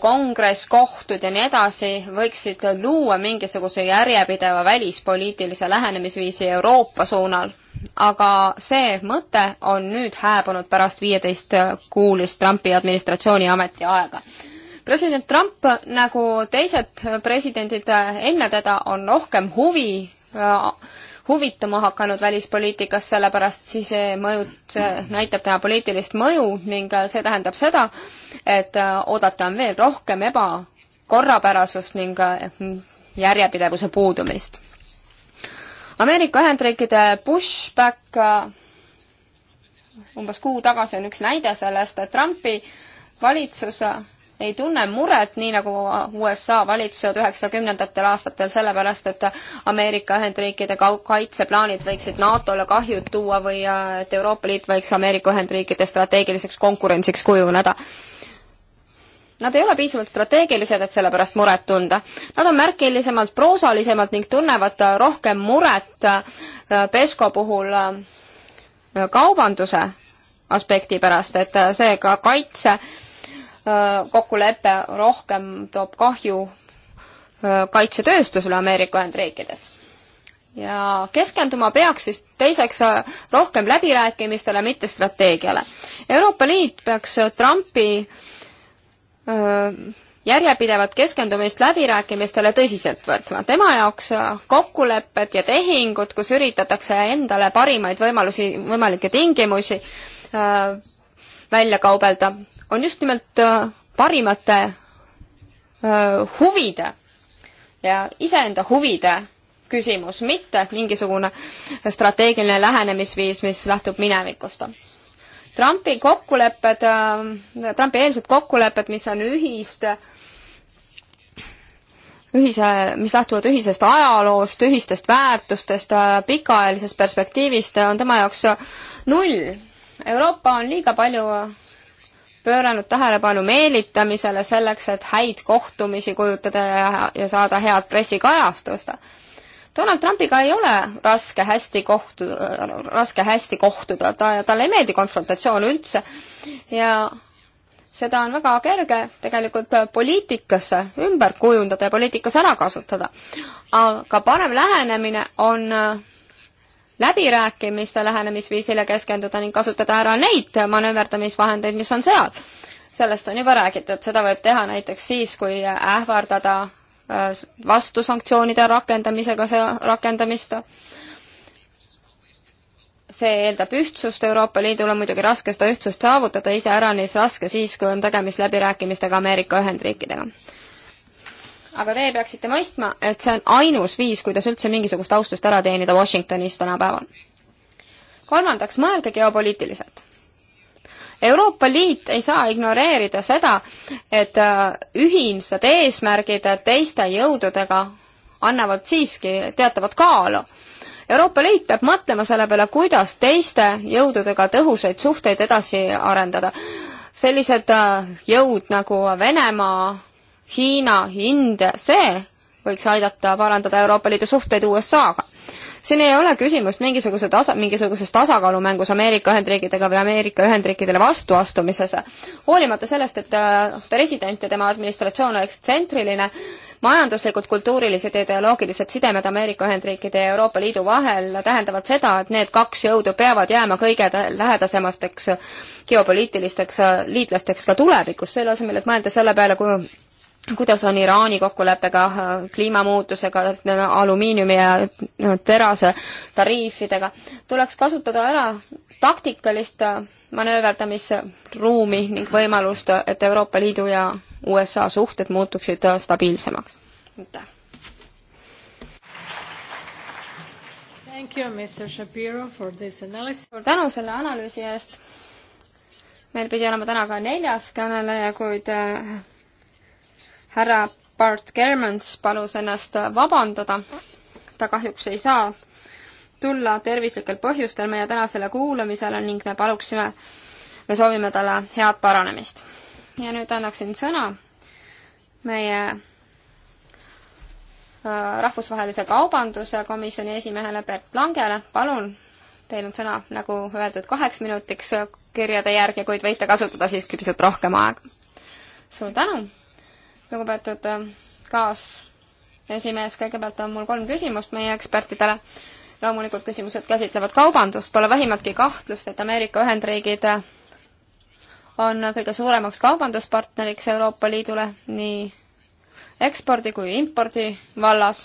kongress, kohtud ja nii edasi võiksid luua mingisuguse järjepideva välispoliitilise lähenemisviisi Euroopa suunal. aga see mõte on nüüd hääbunud pärast viieteistkuulist Trumpi administratsiooni ametiaega. president Trump, nagu teised presidendid enne teda, on rohkem huvi äh, huvituma hakanud välispoliitikast, sellepärast siis mõju, see näitab tema poliitilist mõju ning äh, see tähendab seda, et äh, oodata on veel rohkem ebakorrapärasust ning äh, järjepidevuse puudumist. Ameerika Ühendriikide pushback umbes kuu tagasi on üks näide sellest, et Trumpi valitsus ei tunne muret, nii nagu USA valitsused üheksakümnendatel aastatel, sellepärast et Ameerika Ühendriikide kaitseplaanid võiksid NATO-le kahju tuua või et Euroopa Liit võiks Ameerika Ühendriikide strateegiliseks konkurentsiks kujuneda. Nad ei ole piisavalt strateegilised, et selle pärast muret tunda. Nad on märkilisemalt proosalisemad ning tunnevad rohkem muret äh, Pesco puhul äh, kaubanduse aspekti pärast, et äh, seega ka kaitse äh, kokkulepe rohkem toob kahju kaitsetööstusele Ameerika Ühendriikides. ja keskenduma peaks siis teiseks rohkem läbirääkimistele, mitte strateegiale. Euroopa Liit peaks Trumpi järjepidevat keskendumist läbirääkimistele tõsiselt võtma. tema jaoks kokkulepped ja tehingud, kus üritatakse endale parimaid võimalusi, võimalikke tingimusi äh, välja kaubelda, on just nimelt äh, parimate äh, huvide ja iseenda huvide küsimus, mitte mingisugune strateegiline lähenemisviis, mis lähtub minevikust. Trumpi kokkulepped, äh, Trumpi eelsed kokkulepped, mis on ühist, ühise, mis lähtuvad ühisest ajaloost, ühistest väärtustest, pikaajalisest perspektiivist, on tema jaoks null. Euroopa on liiga palju pööranud tähelepanu meelitamisele selleks, et häid kohtumisi kujutada ja, ja saada head pressikajastust. Donald Trumpiga ei ole raske hästi kohtuda, raske hästi kohtuda, ta, talle ei meeldi konfrontatsioon üldse ja seda on väga kerge tegelikult poliitikasse ümber kujundada ja poliitikas ära kasutada. aga parem lähenemine on läbirääkimiste lähenemisviisile keskenduda ning kasutada ära neid manööverdamisvahendeid, mis on seal. sellest on juba räägitud, seda võib teha näiteks siis, kui ähvardada äh, vastusanktsioonide rakendamisega see, rakendamist. see eeldab ühtsust, Euroopa Liidul on muidugi raske seda ühtsust saavutada, iseäranis raske siis, kui on tegemist läbirääkimistega Ameerika Ühendriikidega aga teie peaksite mõistma, et see on ainus viis, kuidas üldse mingisugust austust ära teenida Washingtonis tänapäeval. kolmandaks, mõelge geopoliitiliselt. Euroopa Liit ei saa ignoreerida seda, et äh, ühinsed eesmärgid teiste jõududega annavad siiski teatavat kaalu. Euroopa Liit peab mõtlema selle peale, kuidas teiste jõududega tõhusaid suhteid edasi arendada. sellised äh, jõud nagu Venemaa, Hiina, India, see võiks aidata parandada Euroopa Liidu suhteid USA-ga. siin ei ole küsimust mingisuguse tasa, mingisuguses tasakaalumängus Ameerika Ühendriikidega või Ameerika Ühendriikidele vastuastumises. hoolimata sellest, et äh, president ja tema administratsioon oleks tsentriline, majanduslikud, kultuurilised ja ideoloogilised sidemed Ameerika Ühendriikide ja Euroopa Liidu vahel tähendavad seda, et need kaks jõudu peavad jääma kõige lähedasemateks geopoliitilisteks äh, liitlasteks ka tulevikus, selle asemel, et mõelda selle peale, kui kuidas on Iraani kokkuleppega äh, kliimamuutusega, alumiiniumi ja terase tariifidega, tuleks kasutada ära taktikalist äh, manööverdamisruumi ning võimalust, et Euroopa Liidu ja USA suhted muutuksid äh, stabiilsemaks. aitäh! suur tänu selle analüüsi eest! meil pidi olema täna ka neljas kõneleja, kuid härra Bart Germans palus ennast vabandada. ta kahjuks ei saa tulla tervislikel põhjustel meie tänasele kuulamisele ning me paluksime, me soovime talle head paranemist. ja nüüd annaksin sõna meie äh, rahvusvahelise kaubanduse komisjoni esimehele Bert Langele, palun, teil on sõna, nagu öeldud, kaheks minutiks kirjade järgi, kuid võite kasutada siiski pisut rohkem aega. suur tänu! lugupeetud äh, kaasesimees, kõigepealt on mul kolm küsimust meie ekspertidele. loomulikult küsimused käsitlevad kaubandust, pole vähimatki kahtlust, et Ameerika Ühendriigid äh, on kõige suuremaks kaubanduspartneriks Euroopa Liidule nii ekspordi kui impordi vallas.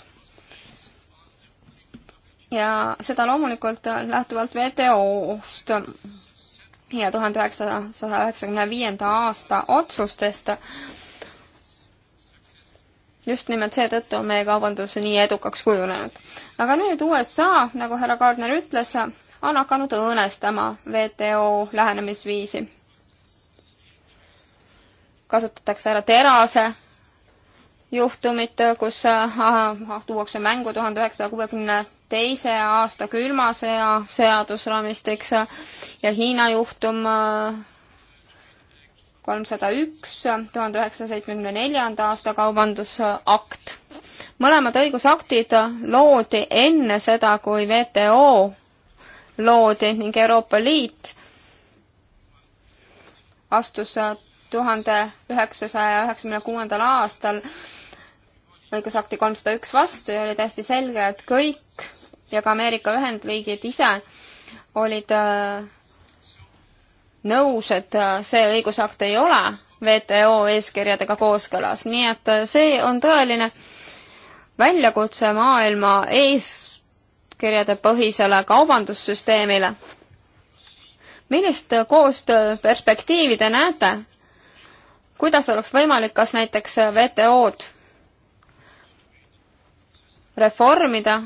ja seda loomulikult lähtuvalt WTO-st ja tuhande üheksasaja üheksakümne viienda aasta otsustest just nimelt seetõttu on meie kaubandus nii edukaks kujunenud. aga nüüd USA, nagu härra Gardner ütles, on hakanud õõnestama WTO lähenemisviisi. kasutatakse ära terase juhtumit, kus tuuakse mängu tuhande üheksasaja kuuekümne teise aasta külma sõja seadusraamistiks ja Hiina juhtum kolmsada üks, tuhande üheksasaja seitsmekümne neljanda aasta kaubandusakt. mõlemad õigusaktid loodi enne seda, kui WTO loodi ning Euroopa Liit astus tuhande üheksasaja üheksakümne kuuendal aastal õigusakti kolmsada üks vastu ja oli täiesti selge, et kõik ja ka Ameerika Ühendriigid ise olid äh, nõus, et äh, see õigusakt ei ole WTO eeskirjadega kooskõlas, nii et äh, see on tõeline väljakutse maailma eeskirjade põhisele kaubandussüsteemile. millist äh, koostööperspektiivi te näete? kuidas oleks võimalik, kas näiteks WTO-d reformida,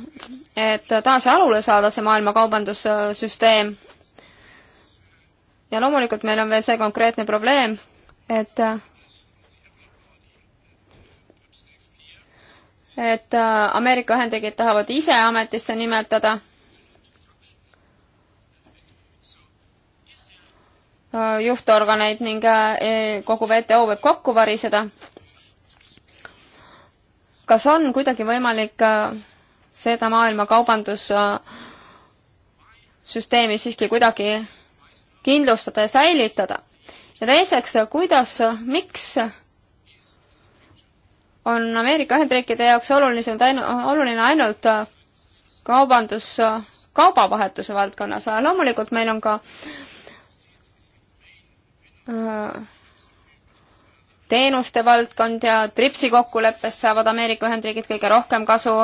et taas jalule saada see maailma kaubandussüsteem, ja loomulikult meil on veel see konkreetne probleem, et et äh, Ameerika Ühendriigid tahavad ise ametisse nimetada äh, juhtorganeid ning äh, kogu WTO võib kokku variseda. kas on kuidagi võimalik seda maailma kaubandussüsteemi siiski kuidagi kindlustada ja säilitada. ja teiseks, kuidas, miks on Ameerika Ühendriikide jaoks olulisem, oluline ainult kaubandus, kaubavahetuse valdkonnas, loomulikult meil on ka äh, teenuste valdkond ja TRIPS-i kokkuleppest saavad Ameerika Ühendriigid kõige rohkem kasu,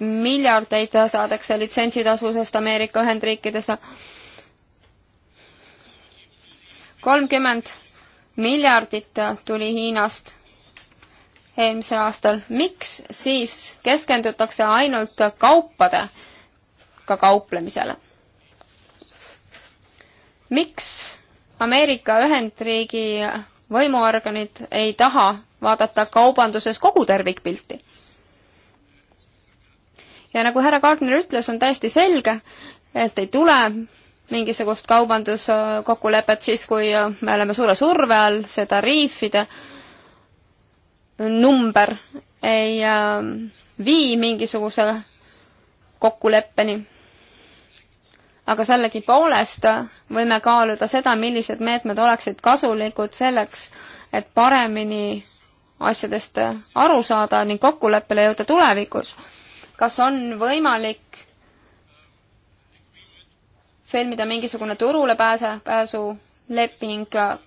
miljardeid saadakse litsentsitasusest Ameerika Ühendriikides kolmkümmend miljardit tuli Hiinast eelmisel aastal. miks siis keskendutakse ainult kaupadega ka kauplemisele? miks Ameerika Ühendriigi võimuorganid ei taha vaadata kaubanduses kogu tervikpilti? ja nagu härra Gardner ütles, on täiesti selge, et ei tule mingisugust kaubanduskokkulepet siis, kui äh, me oleme suure surve all, see tariifide number ei äh, vii mingisuguse kokkuleppeni. aga sellegipoolest äh, võime kaaluda seda, millised meetmed oleksid kasulikud selleks, et paremini asjadest aru saada ning kokkuleppele jõuda tulevikus. kas on võimalik sõlmida mingisugune turule pääse, pääsuleping, äh,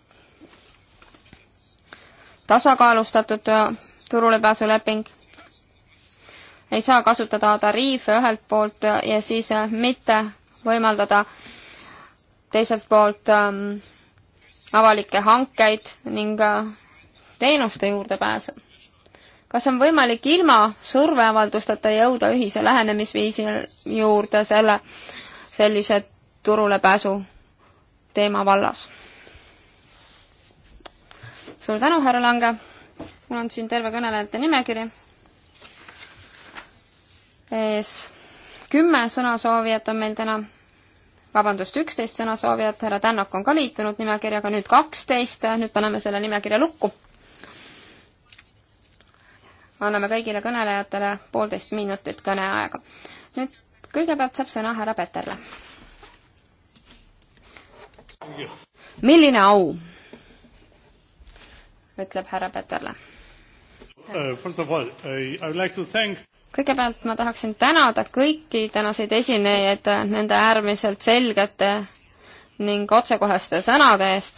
tasakaalustatud äh, turulepääsuleping. ei saa kasutada tariife ühelt poolt äh, ja siis mitte võimaldada teiselt poolt ähm, avalikke hankeid ning äh, teenuste juurdepääsu. kas on võimalik ilma surveavaldusteta jõuda ühise lähenemisviisi juurde selle sellise turulepääsu teema vallas. suur tänu, härra Lange. mul on siin terve kõnelejate nimekiri. ees kümme sõnasoovijat on meil täna. vabandust, üksteist sõnasoovijat, härra Tänak on ka liitunud nimekirjaga, nüüd kaksteist, nüüd paneme selle nimekirja lukku. anname kõigile kõnelejatele poolteist minutit kõneaega. nüüd kõigepealt saab sõna härra Peterle milline au, ütleb härra Peterle uh, kõigepealt ma tahaksin tänada kõiki tänaseid esinejaid nende äärmiselt selgete ning otsekoheste sõnade eest.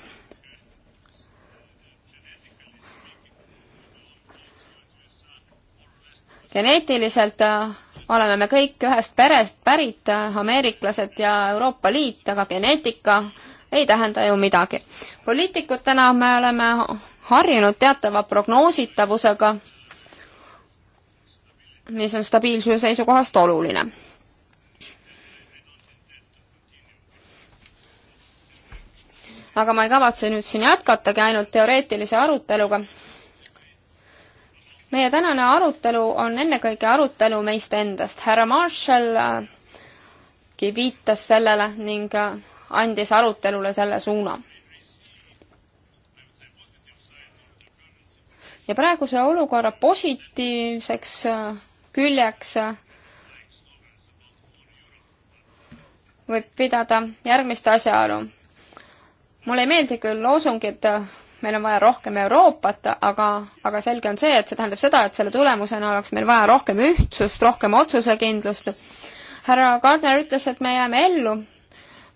geneetiliselt äh, oleme me kõik ühest perest pärit, äh, ameeriklased ja Euroopa Liit, aga geneetika ei tähenda ju midagi. poliitikutena me oleme harjunud teatava prognoositavusega, mis on stabiilsuse seisukohast oluline aga ma ei kavatse nüüd siin jätkatagi ainult teoreetilise aruteluga. meie tänane arutelu on ennekõike arutelu meist endast. härra Marshall äh, viitas sellele ning äh, andis arutelule selle suuna. ja praeguse olukorra positiivseks äh, küljeks äh, võib pidada järgmist asjaolu. mulle ei meeldi küll loosungid äh, meil on vaja rohkem Euroopat, aga, aga selge on see, et see tähendab seda, et selle tulemusena oleks meil vaja rohkem ühtsust, rohkem otsusekindlust. härra Gardner ütles, et me jääme ellu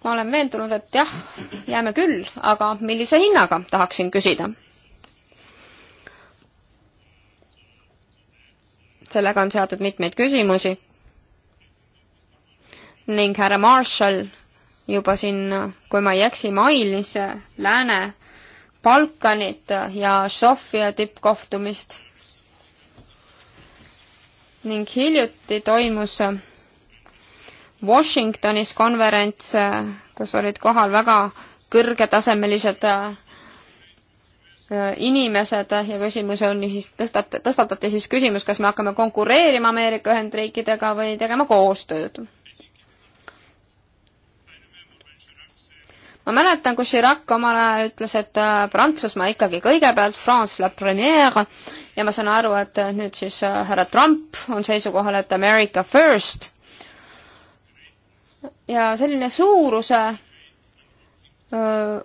ma olen veendunud, et jah, jääme küll, aga millise hinnaga, tahaksin küsida. sellega on seatud mitmeid küsimusi ning härra Marshall juba siin, kui ma ei eksi, mainis Lääne Balkanit ja Sofia tippkohtumist. ning hiljuti toimus Washingtonis konverents, äh, kus olid kohal väga kõrgetasemelised äh, äh, inimesed ja küsimus on siis, tõstat-, tõstatati siis küsimus, kas me hakkame konkureerima Ameerika Ühendriikidega või tegema koostööd. ma mäletan, kui Chirac omal ajal ütles, et Prantsusmaa ikkagi kõigepealt, France la première, ja ma saan aru, et nüüd siis härra Trump on seisukohal, et America first ja selline suuruse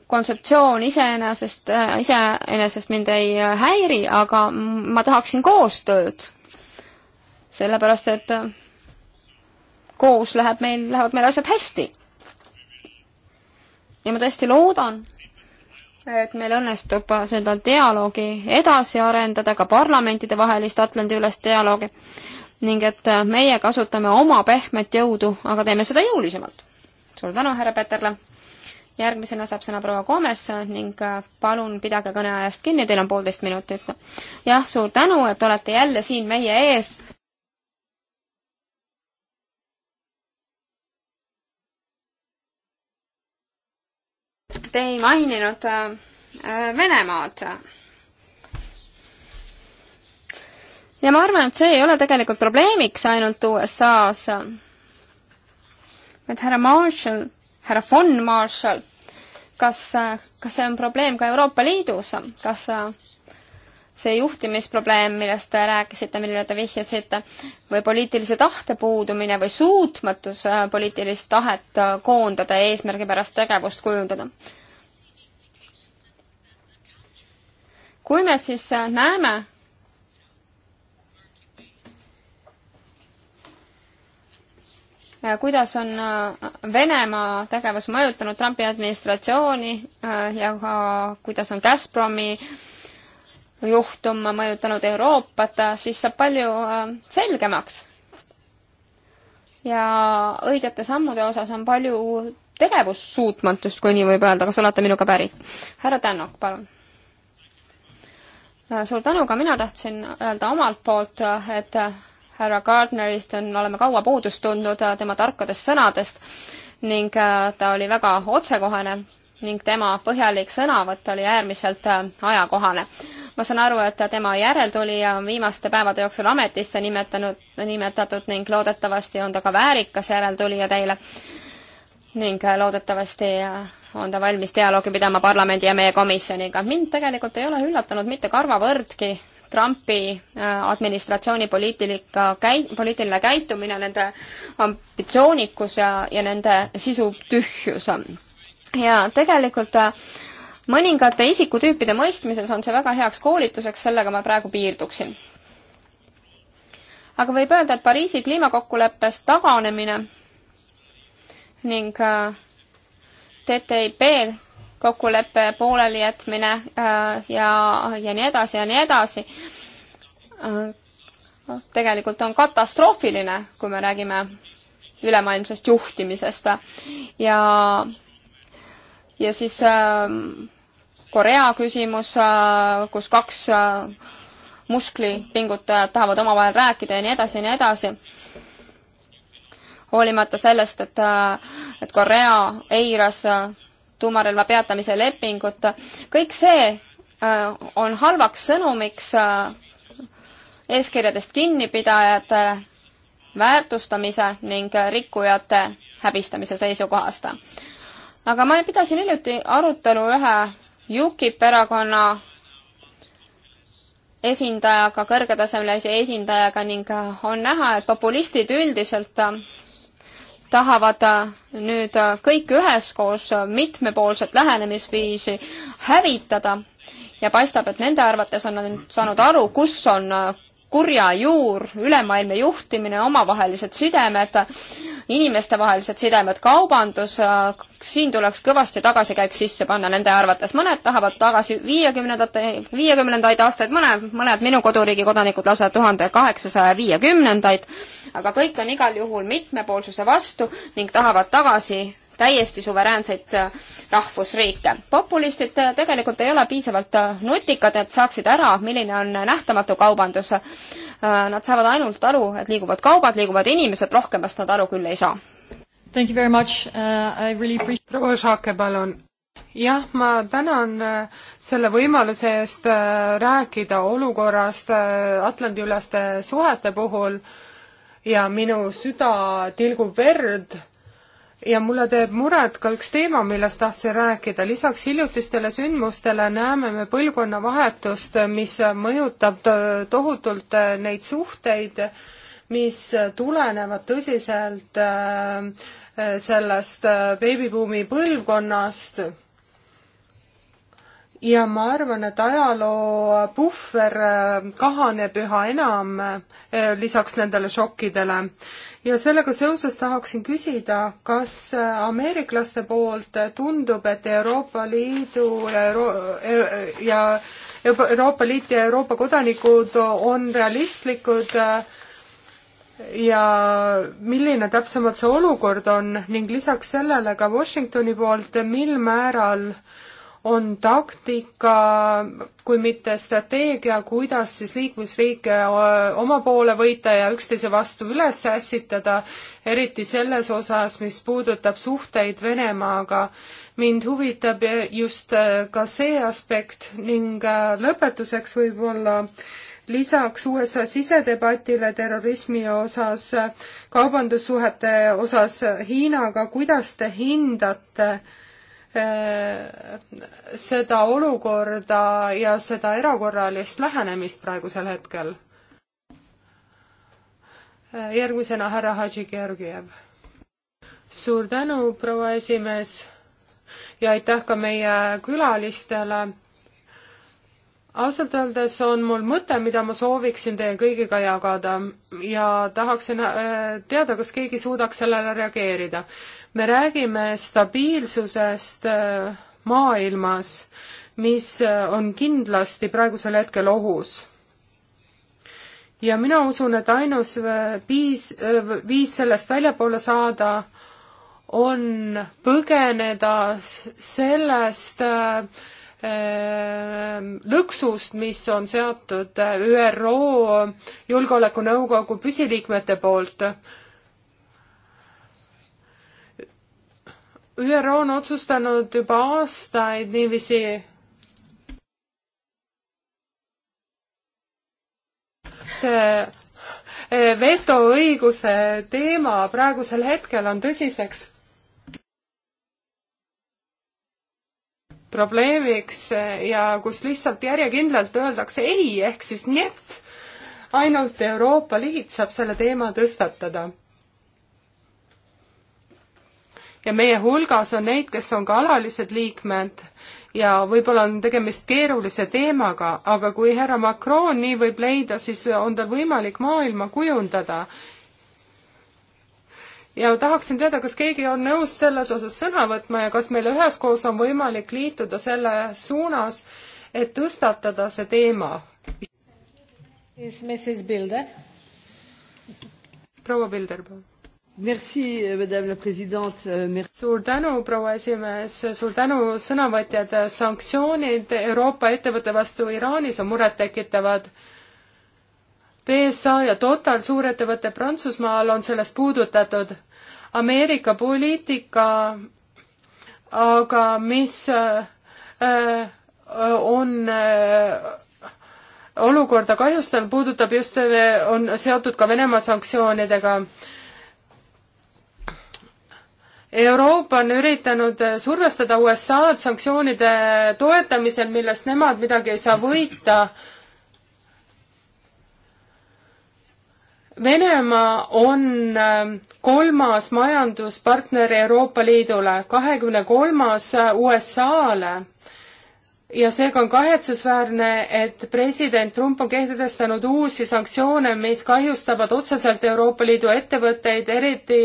kontseptsioon iseenesest, äh, iseenesest mind ei äh, häiri, aga ma tahaksin koostööd. sellepärast, et äh, koos läheb meil, lähevad meil asjad hästi. ja ma tõesti loodan, et meil õnnestub seda dialoogi edasi arendada, ka parlamentidevahelist Atlandi-ülest dialoogi ning et äh, meie kasutame oma pehmet jõudu, aga teeme seda jõulisemalt. suur tänu, härra Peterle! järgmisena saab sõna proua Gomes ning äh, palun pidage kõneajast kinni, teil on poolteist minutit. jah, suur tänu, et olete jälle siin meie ees. Te ei maininud äh, Venemaad ja ma arvan, et see ei ole tegelikult probleemiks ainult USA-s. et härra Marshall, härra von Marshall, kas, kas see on probleem ka Euroopa Liidus, kas see juhtimisprobleem, millest te rääkisite, millele te vihjasite, või poliitilise tahte puudumine või suutmatus poliitilist tahet koondada ja eesmärgipärast tegevust kujundada. kui me siis näeme, Äh, kuidas on äh, Venemaa tegevus mõjutanud Trumpi administratsiooni äh, ja ka kuidas on Gazpromi juhtum mõjutanud Euroopat, siis saab palju selgemaks. ja õigete sammude osas on palju tegevussuutmatust, kui nii võib öelda, kas olete minuga päri? härra Tännok, palun. suur tänu, ka mina tahtsin öelda omalt poolt, et härra Gardnerist on, oleme kaua puudust tundnud äh, tema tarkadest sõnadest ning äh, ta oli väga otsekohene ning tema põhjalik sõnavõtt oli äärmiselt äh, ajakohane. ma saan aru, et tema järeltulija on viimaste päevade jooksul ametisse nimetanud, nimetatud ning loodetavasti on ta ka väärikas järeltulija teile ning loodetavasti on ta valmis dialoogi pidama parlamendi ja meie komisjoniga. mind tegelikult ei ole üllatanud mitte karvavõrdki Trumpi äh, administratsiooni poliitika käi-, poliitiline käitumine, nende ambitsioonikus ja, ja nende sisu tühjus. ja tegelikult äh, mõningate isikutüüpide mõistmises on see väga heaks koolituseks, sellega ma praegu piirduksin. aga võib öelda, et Pariisi kliimakokkuleppest taganemine ning äh, TTIP kokkuleppe pooleli jätmine äh, ja, ja nii edasi ja nii edasi. Äh, tegelikult on katastroofiline, kui me räägime ülemaailmsest juhtimisest ja, ja siis ähm, Korea küsimus, äh, kus kaks musklipingutajad tahavad omavahel rääkida ja nii edasi ja nii edasi. hoolimata sellest, et, et Korea eiras tuumarelva peatamise lepingut. kõik see äh, on halvaks sõnumiks äh, eeskirjadest kinnipidajatele, väärtustamise ning rikkujate häbistamise seisukohast. aga ma pidasin hiljuti arutelu ühe UKIP erakonna esindajaga, kõrgetasemelise esindajaga ning äh, on näha, et populistid üldiselt tahavad äh, nüüd äh, kõik üheskoos äh, mitmepoolset lähenemisviisi hävitada ja paistab, et nende arvates on nad nüüd saanud aru, kus on kurja juur, ülemaailmne juhtimine, omavahelised sidemed, inimestevahelised sidemed, kaubandus, siin tuleks kõvasti tagasikäik sisse panna nende arvates. mõned tahavad tagasi viiekümnendate, viiekümnendaid aastaid, mõned, mõned minu koduriigi kodanikud lausa tuhande kaheksasaja viiekümnendaid, aga kõik on igal juhul mitmepoolsuse vastu ning tahavad tagasi täiesti suveräänseid äh, rahvusriike. populistid äh, tegelikult ei ole piisavalt äh, nutikad, et saaksid ära, milline on nähtamatu kaubandus. Nad saavad ainult aru, et liiguvad kaubad, liiguvad inimesed, rohkemast nad aru küll ei saa. Thank you very much uh,, I really appreciate proua Šaake, palun jah, ma tänan selle võimaluse eest rääkida olukorrast Atlandi-üleste suhete puhul ja minu süda tilgub verd ja mulle teeb muret ka üks teema, millest tahtsin rääkida, lisaks hiljutistele sündmustele näeme me põlvkonnavahetust, mis mõjutab tohutult äh, neid suhteid, mis tulenevad tõsiselt äh, äh, sellest beebibuumi põlvkonnast ja ma arvan, et ajaloo puhver kahaneb üha enam lisaks nendele šokkidele ja sellega seoses tahaksin küsida, kas äh, ameeriklaste poolt äh, tundub, et Euroopa Liidu Euro e, e, ja Euroopa Liit ja Euroopa kodanikud on realistlikud äh, ja milline täpsemalt see olukord on ning lisaks sellele ka Washingtoni poolt, mil määral äh, on taktika, kui mitte strateegia, kuidas siis liikmesriike äh, oma poole võita ja üksteise vastu üles ässitada, eriti selles osas, mis puudutab suhteid Venemaaga. mind huvitab just äh, ka see aspekt ning äh, lõpetuseks võib-olla lisaks USA sisedebatile terrorismi osas, kaubandussuhete osas Hiinaga, kuidas te hindate äh, Äh, seda olukorda ja seda erakorralist lähenemist praegusel hetkel. Äh, järgmisena härra Hadži Georgiev. suur tänu, proua esimees ja aitäh ka meie külalistele ausalt öeldes on mul mõte, mida ma sooviksin teie kõigiga jagada ja tahaksin äh, teada, kas keegi suudaks sellele reageerida me räägime stabiilsusest äh, maailmas, mis äh, on kindlasti praegusel hetkel ohus. ja mina usun, et ainus viis, äh, viis sellest väljapoole saada on põgeneda sellest lõksust, mis on seatud ÜRO Julgeolekunõukogu püsiliikmete poolt ÜRO on otsustanud juba aastaid niiviisi see e, vetoõiguse teema praegusel hetkel on tõsiseks probleemiks ja kus lihtsalt järjekindlalt öeldakse ei, ehk siis nii, et ainult Euroopa Liit saab selle teema tõstatada ja meie hulgas on neid, kes on ka alalised liikmed ja võib-olla on tegemist keerulise teemaga, aga kui härra Macron nii võib leida, siis on tal võimalik maailma kujundada. ja tahaksin teada, kas keegi on nõus selles osas sõna võtma ja kas meil üheskoos on võimalik liituda selle suunas, et tõstatada see teema. proua Bilder, palun. Merci, euh, madame la présidente. Euh, suur tänu, proua esimees, suur tänu, sõnavõtjad. sanktsioonid Euroopa ettevõtte vastu Iraanis on murettekitavad. PSA ja Total, suurettevõte Prantsusmaal, on sellest puudutatud. Ameerika poliitika aga mis äh, äh, on äh, olukorda kahjustanud, puudutab just, äh, on seotud ka Venemaa sanktsioonidega äh, Euroopa on üritanud survestada USA-d sanktsioonide toetamisel, millest nemad midagi ei saa võita. Venemaa on ähm, kolmas majanduspartner Euroopa Liidule, kahekümne kolmas USA-le ja seega on kahetsusväärne, et president Trump on kehtestanud uusi sanktsioone, mis kahjustavad otseselt Euroopa Liidu ettevõtteid, eriti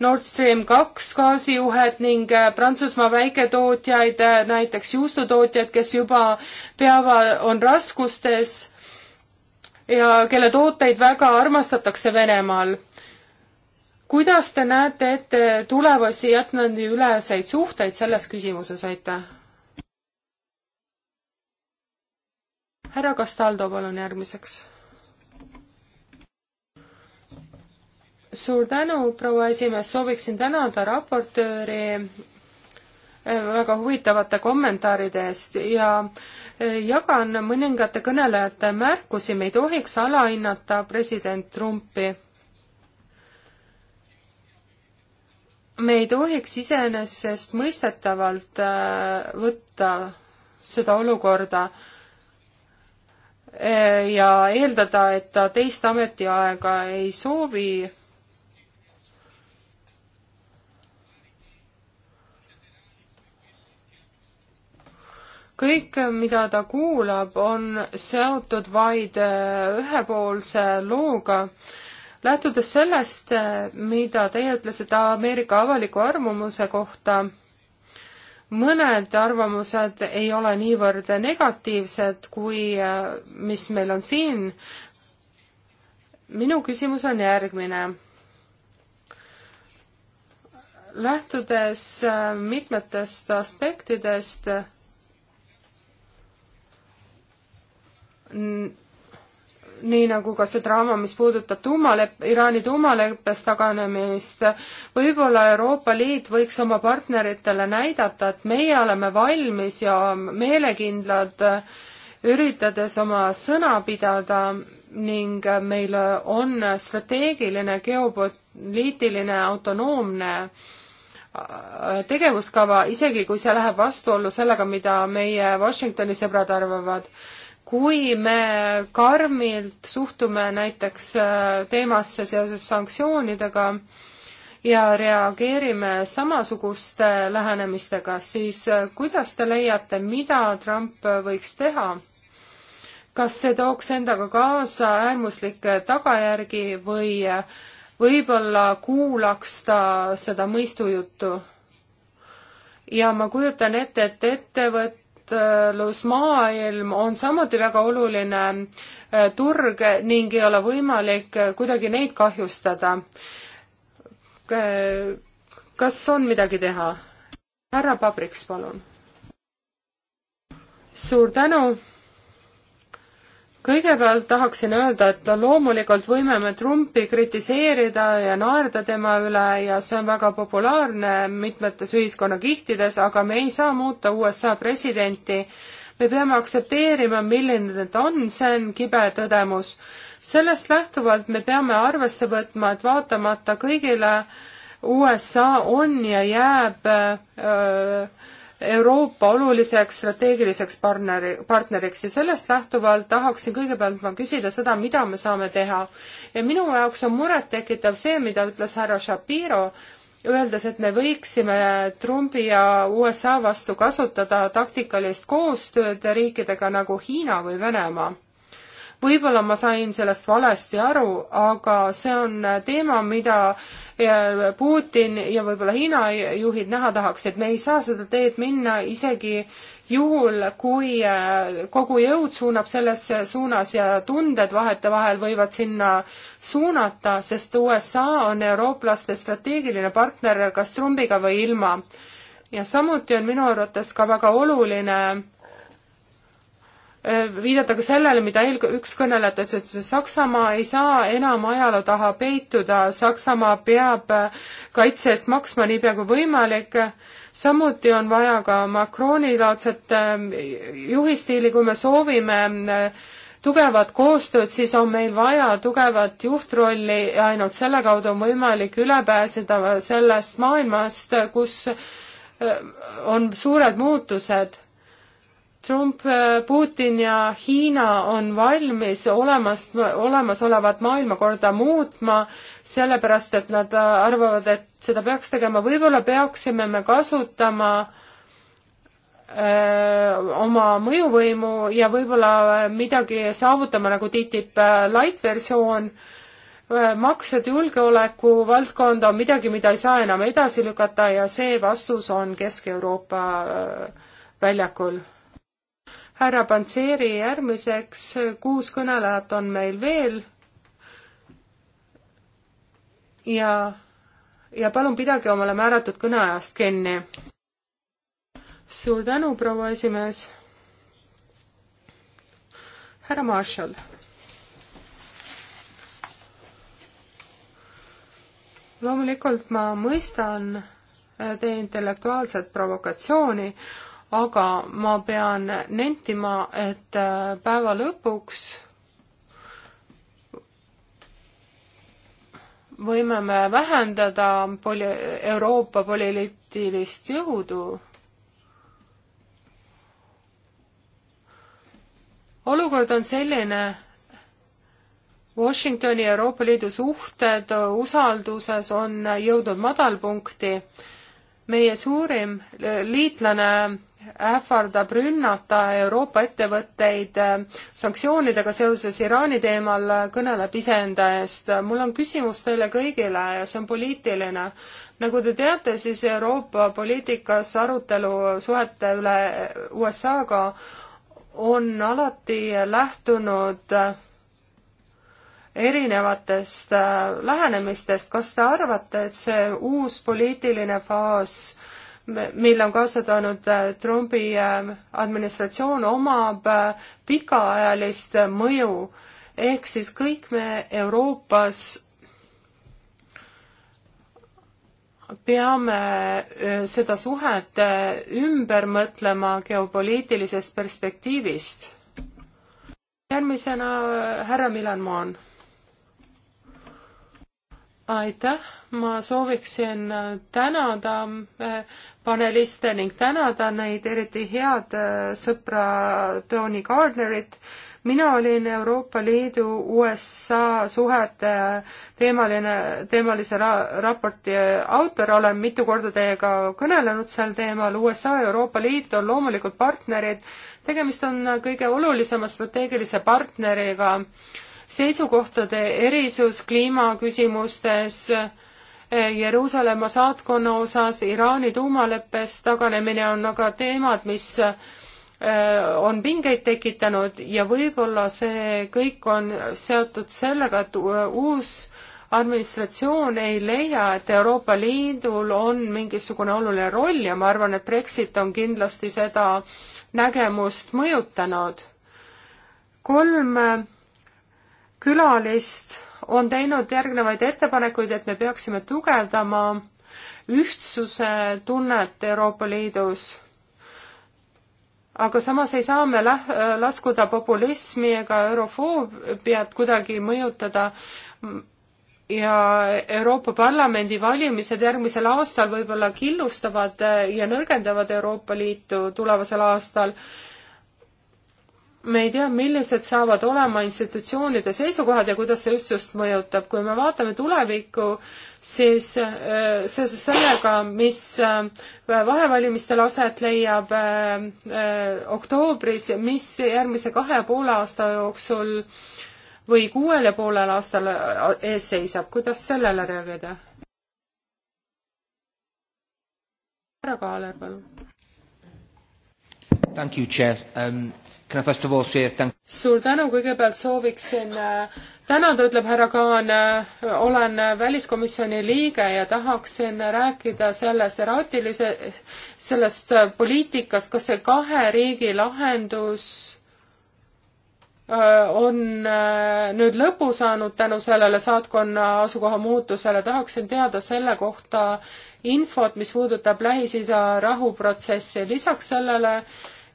Nord Stream kaks gaasijuhet ning äh, Prantsusmaa väiketootjaid, äh, näiteks juustutootjaid, kes juba peavad, on raskustes ja kelle tooteid väga armastatakse Venemaal kuidas te näete ette tulevasi Atlandi üleseid suhteid selles küsimuses, aitäh? härra Castaldo, palun järgmiseks. suur tänu, proua esimees, sooviksin tänada raportööri äh, väga huvitavate kommentaaride eest ja äh, jagan mõningate kõnelejate märkusi, me ei tohiks alahinnata president Trumpi. me ei tohiks iseenesestmõistetavalt äh, võtta seda olukorda äh, Eh, ja eeldada, et ta teist ametiaega ei soovi, kõik, mida ta kuulab, on seotud vaid eh, ühepoolse looga. lähtudes sellest, eh, mida teie ütlesite Ameerika avaliku arvamuse kohta, mõned arvamused ei ole niivõrd negatiivsed, kui äh, mis meil on siin. minu küsimus on järgmine. lähtudes äh, mitmetest aspektidest, nii nagu ka see draama, mis puudutab tuumalepp-, Iraani tuumaleppest taganemist, võib-olla Euroopa Liit võiks oma partneritele näidata, et meie oleme valmis ja meelekindlad, üritades oma sõna pidada ning meil on strateegiline geopoliitiline autonoomne äh, tegevuskava, isegi kui see läheb vastuollu sellega, mida meie Washingtoni sõbrad arvavad kui me karmilt suhtume näiteks äh, teemasse seoses sanktsioonidega ja reageerime samasuguste lähenemistega, siis äh, kuidas te leiate, mida Trump võiks teha? kas see tooks endaga kaasa äärmuslikke tagajärgi või äh, võib-olla kuulaks ta seda mõistujuttu? ja ma kujutan ette, et ettevõte ettevõtlusmaailm on samuti väga oluline äh, turg ning ei ole võimalik äh, kuidagi neid kahjustada. Äh, kas on midagi teha? härra Pabriks, palun. suur tänu kõigepealt tahaksin öelda, et loomulikult võime me Trumpi kritiseerida ja naerda tema üle ja see on väga populaarne mitmetes ühiskonnakihtides, aga me ei saa muuta USA presidenti. me peame aktsepteerima, milline ta on, see on kibe tõdemus. sellest lähtuvalt me peame arvesse võtma, et vaatamata kõigile USA on ja jääb öö, äh, Euroopa oluliseks strateegiliseks partneri, partneriks ja sellest lähtuvalt tahaksin kõigepealt ma küsida seda, mida me saame teha. ja minu jaoks on murettekitav see, mida ütles härra Shapiro, öeldes, et me võiksime Trumpi ja USA vastu kasutada taktikalist koostööd riikidega nagu Hiina või Venemaa. võib-olla ma sain sellest valesti aru, aga see on teema, mida Putin ja võib-olla Hiina juhid näha tahaks, et me ei saa seda teed minna isegi juhul, kui äh, kogu jõud suunab sellesse suunas ja tunded vahetevahel võivad sinna suunata, sest USA on eurooplaste strateegiline partner kas trumbiga või ilma. ja samuti on minu arvates ka väga oluline Äh, viidata ka sellele, mida eel-, üks kõnelejatest ütles, et Saksamaa ei saa enam ajaloo taha peituda, Saksamaa peab äh, kaitse eest maksma niipea kui võimalik, samuti on vaja ka Macroni laadset äh, juhistiili, kui me soovime tugevat koostööd, siis on meil vaja tugevat juhtrolli ja ainult selle kaudu on võimalik üle pääseda sellest maailmast, kus on suured muutused Trump, äh, Putin ja Hiina on valmis olemas, olemasolevat maailmakorda muutma, sellepärast et nad äh, arvavad, et seda peaks tegema, võib-olla peaksime me kasutama öö, äh, oma mõjuvõimu ja võib-olla midagi saavutama, nagu TTIP light versioon, maksed julgeoleku valdkonda on midagi, mida ei saa enam edasi lükata ja see vastus on Kesk-Euroopa väljakul härra Panseri järgmiseks, kuus kõnelejat on meil veel. ja, ja palun pidage omale määratud kõneajast kinni. suur tänu, proua esimees. härra Marshall loomulikult ma mõistan eh, teie intellektuaalset provokatsiooni, aga ma pean nentima, et äh, päeva lõpuks võime me vähendada poli-, Euroopa poliitilist jõudu olukord on selline, Washingtoni ja Euroopa Liidu suhted usalduses on jõudnud madalpunkti. meie suurim liitlane ähvardab rünnata Euroopa ettevõtteid äh, sanktsioonidega seoses Iraani teemal, äh, kõneleb iseenda eest. mul on küsimus teile kõigile ja see on poliitiline. nagu te teate, siis Euroopa poliitikas arutelu suhete üle USA-ga on alati lähtunud äh, erinevatest lähenemistest. kas te arvate, et see uus poliitiline faas mille on kaasa toonud äh, Trumpi äh, administratsioon, omab äh, pikaajalist mõju. ehk siis kõik me Euroopas peame seda suhet ümber mõtlema geopoliitilisest perspektiivist. järgmisena härra Milan Maan. aitäh, ma sooviksin tänada paneliste ning tänada neid, eriti head äh, sõpra Tony Gardnerit. mina olin Euroopa Liidu USA suhete teemaline, teemalise ra-, raporti äh, autor, olen mitu korda teiega kõnelenud sel teemal, USA ja Euroopa Liit on loomulikult partnerid, tegemist on äh, kõige olulisema strateegilise partneriga seisukohtade erisus kliimaküsimustes, Jeruusalemma saatkonna osas, Iraani tuumaleppest taganemine on aga teemad, mis äh, on pingeid tekitanud ja võib-olla see kõik on seotud sellega, et uus administratsioon ei leia, et Euroopa Liidul on mingisugune oluline roll ja ma arvan, et Brexit on kindlasti seda nägemust mõjutanud. kolm äh, külalist on teinud järgnevaid ettepanekuid, et me peaksime tugevdama ühtsuse tunnet Euroopa Liidus. aga samas ei saa me läh-, laskuda populismi ega eurofoobiat kuidagi mõjutada ja Euroopa Parlamendi valimised järgmisel aastal võib-olla killustavad ja nõrgendavad Euroopa Liitu tulevasel aastal me ei tea, millised saavad olema institutsioonide seisukohad ja kuidas see üldsust mõjutab. kui me vaatame tulevikku, siis äh, seoses sellega, mis äh, vahevalimistel aset leiab äh, oktoobris, mis järgmise kahe ja poole aasta jooksul või kuuel ja poolel aastal ees seisab, kuidas sellele reageerida? härra Kaaler, palun. Thank you, Chair um,. Can I first of all say thank suur tänu, kõigepealt sooviksin äh, tänada, ütleb härra Kaan, äh, olen äh, väliskomisjoni liige ja tahaksin rääkida sellest eraatilise, sellest poliitikast, kas see kahe riigi lahendus on nüüd lõpu saanud tänu sellele saatkonna asukoha muutusele, tahaksin teada selle kohta infot, mis puudutab Lähis-Ida rahuprotsessi, lisaks sellele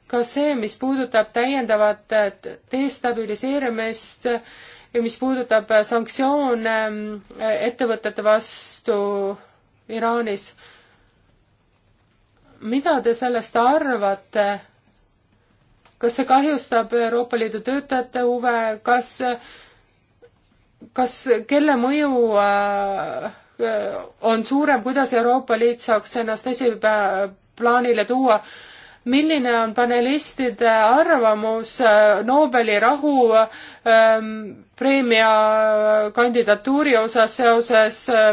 ka see, mis puudutab täiendavat äh, destabiliseerimist, mis puudutab äh, sanktsioone ähm, äh, ettevõtete vastu Iraanis. mida te sellest arvate? kas see kahjustab Euroopa Liidu töötajate huve, kas, kas, kelle mõju on suurem, kuidas Euroopa Liit saaks ennast esiplaanile tuua? milline on panelistide arvamus äh, Nobeli rahupreemia ähm, kandidatuuri osas seoses äh,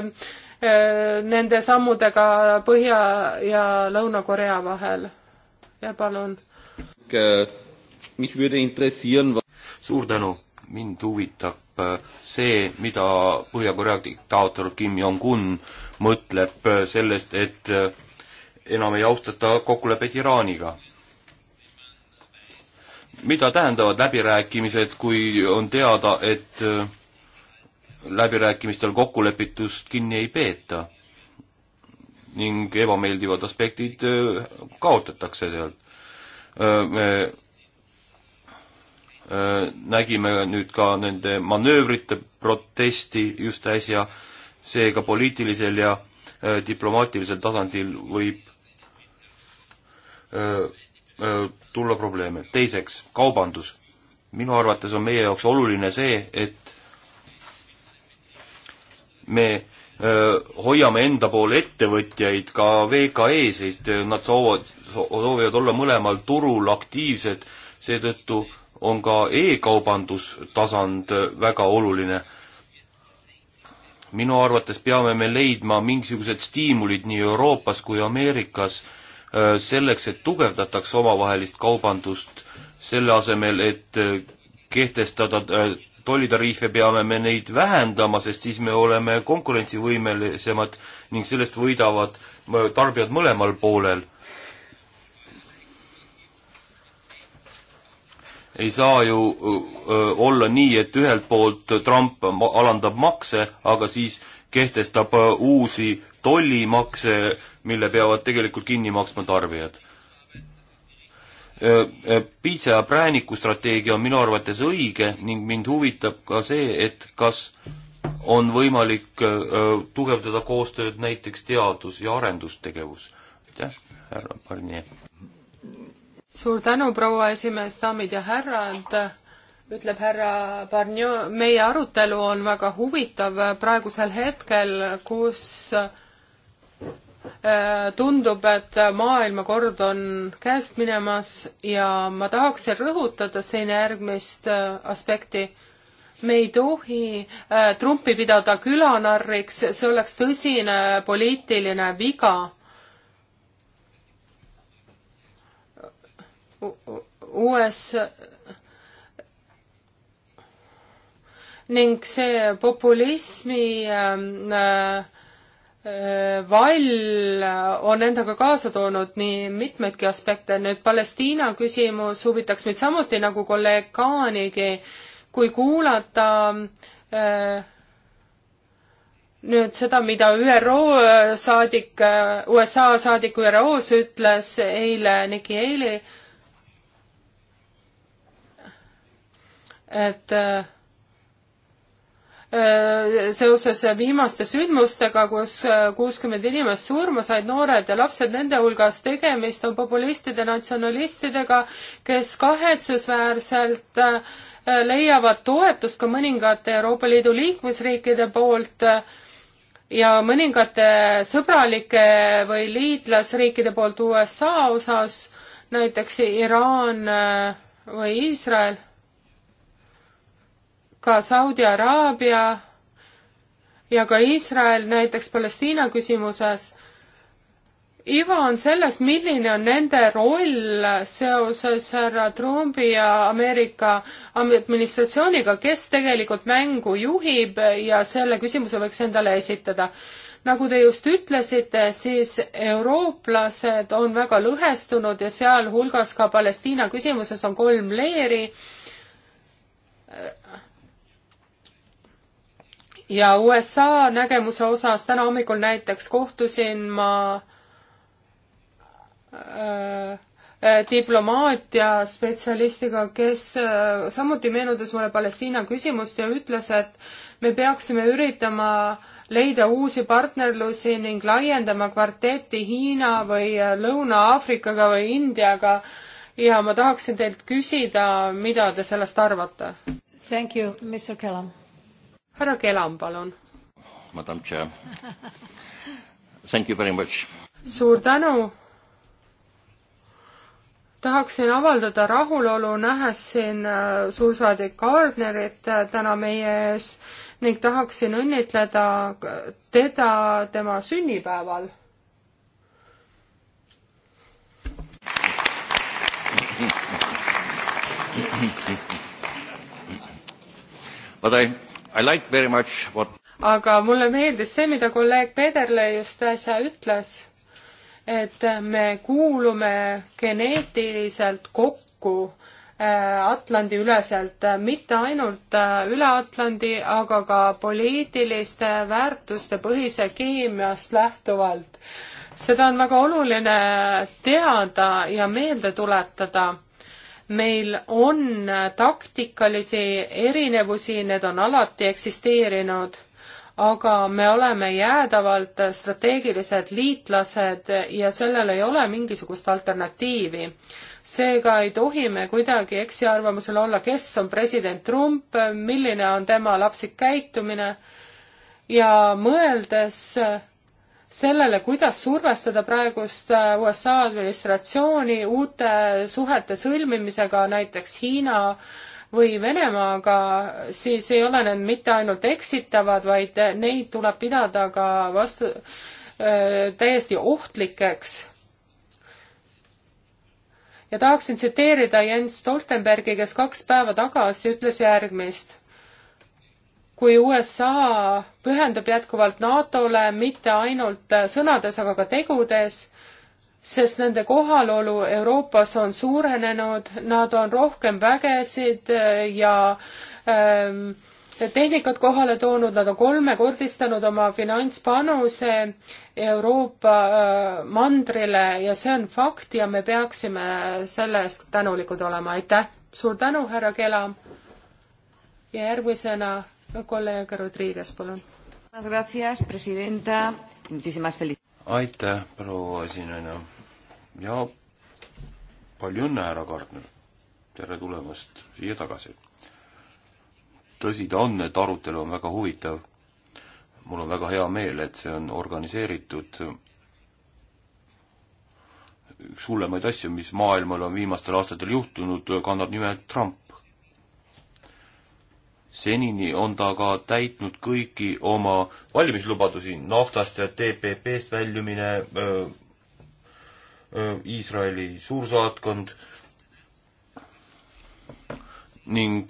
äh, nende sammudega Põhja- ja Lõuna-Korea vahel? ja palun. suur tänu, mind huvitab see, mida Põhja-Korea diktaator Kim Jong-un mõtleb sellest, et enam ei austata kokkulepet Iraaniga. mida tähendavad läbirääkimised, kui on teada, et äh, läbirääkimistel kokkulepitust kinni ei peeta ning ebameeldivad aspektid äh, kaotatakse sealt. Äh, me nägime nüüd ka nende manöövrite protesti just äsja, seega poliitilisel ja diplomaatilisel tasandil võib tulla probleeme. teiseks, kaubandus. minu arvates on meie jaoks oluline see, et me hoiame enda pool ettevõtjaid, ka VKE-sid, nad soovivad, soovivad olla mõlemal turul aktiivsed, seetõttu on ka e-kaubandustasand väga oluline. minu arvates peame me leidma mingisugused stiimulid nii Euroopas kui Ameerikas äh, Äh, selleks, et tugevdataks omavahelist kaubandust, selle asemel, et äh, kehtestada äh, tollitariife, peame me neid vähendama, sest siis me oleme konkurentsivõimelisemad ning sellest võidavad tarbijad mõlemal poolel. ei saa ju öö, olla nii, et ühelt poolt Trump alandab makse, aga siis kehtestab uusi tollimakse mille peavad tegelikult kinni maksma tarbijad. Piitsa ja prääniku strateegia on minu arvates õige ning mind huvitab ka see, et kas on võimalik tugevdada koostööd näiteks teadus- ja arendustegevus. aitäh, härra Barnier! suur tänu, proua esimees, daamid ja härrad, ütleb härra Barnier, meie arutelu on väga huvitav praegusel hetkel, kus Äh, tundub, et maailmakord on käest minemas ja ma tahaksin rõhutada siin järgmist äh, aspekti. me ei tohi äh, Trumpi pidada külanarriks, see oleks tõsine poliitiline viga. uues ning see populismi ähm, äh, Äh, vall on endaga kaasa toonud nii mitmeidki aspekte, nüüd Palestiina küsimus huvitaks meid samuti nagu kolleeg Kaanigi, kui kuulata äh, nüüd seda, mida ÜRO saadik, äh, USA saadik ÜRO-s ütles eile Nikki Haley, et äh, seoses viimaste sündmustega, kus kuuskümmend inimest surma said, noored ja lapsed nende hulgas, tegemist on populistide, natsionalistidega, kes kahetsusväärselt leiavad toetust ka mõningate Euroopa Liidu liikmesriikide poolt ja mõningate sõbralike või liitlasriikide poolt USA osas, näiteks Iraan või Iisrael ka Saudi Araabia ja ka Iisrael näiteks Palestiina küsimuses. iva on selles, milline on nende roll seoses härra Trumpi ja Ameerika administratsiooniga, kes tegelikult mängu juhib ja selle küsimuse võiks endale esitada. nagu te just ütlesite, siis eurooplased on väga lõhestunud ja sealhulgas ka Palestiina küsimuses on kolm leeri ja USA nägemuse osas täna hommikul näiteks kohtusin ma äh, äh diplomaatia spetsialistiga, kes äh, samuti meenutas mulle Palestiina küsimust ja ütles, et me peaksime üritama leida uusi partnerlusi ning laiendama kvarteti Hiina või äh, Lõuna-Aafrikaga või Indiaga. ja ma tahaksin teilt küsida, mida te sellest arvate? Thank you, Mr Kelam härra Kelam, palun. Madam Chair. Thank you very much. suur tänu. tahaksin avaldada rahulolu, nähes siin äh, suursaadik Gardnerit äh, täna meie ees ning tahaksin õnnitleda äh, teda tema sünnipäeval but I Like what... aga mulle meeldis see, mida kolleeg Pederle just äsja ütles, et me kuulume geneetiliselt kokku äh, Atlandi üleselt, äh, mitte ainult äh, üle Atlandi, aga ka poliitiliste väärtuste põhise keemiast lähtuvalt. seda on väga oluline teada ja meelde tuletada meil on taktikalisi erinevusi, need on alati eksisteerinud, aga me oleme jäädavalt strateegilised liitlased ja sellel ei ole mingisugust alternatiivi. seega ei tohi me kuidagi eksiarvamusel olla, kes on president Trump, milline on tema lapsik käitumine ja mõeldes sellele, kuidas survestada praegust äh, USA administratsiooni uute suhete sõlmimisega näiteks Hiina või Venemaaga, siis ei ole need mitte ainult eksitavad, vaid neid tuleb pidada ka vastu äh,, täiesti ohtlikeks. ja tahaksin tsiteerida Jens Stoltenbergi, kes kaks päeva tagasi ütles järgmist kui USA pühendub jätkuvalt NATO-le mitte ainult sõnades, aga ka tegudes, sest nende kohalolu Euroopas on suurenenud, nad on rohkem vägesid ja ähm, tehnikat kohale toonud, nad on kolmekordistanud oma finantspanuse Euroopa äh, mandrile ja see on fakt ja me peaksime selle eest tänulikud olema, aitäh! suur tänu, härra Kela! ja järgmisena kolleeg Rodriguez, palun. aitäh, proua esinaine ja palju õnne, härra Kardner. tere tulemast siia tagasi. tõsi ta on, et arutelu on väga huvitav. mul on väga hea meel, et see on organiseeritud üks hullemaid asju, mis maailmal on viimastel aastatel juhtunud, kannab nime Trump senini on ta aga täitnud kõiki oma valimislubadusi, naftast ja TPP-st väljumine, Iisraeli suursaatkond ning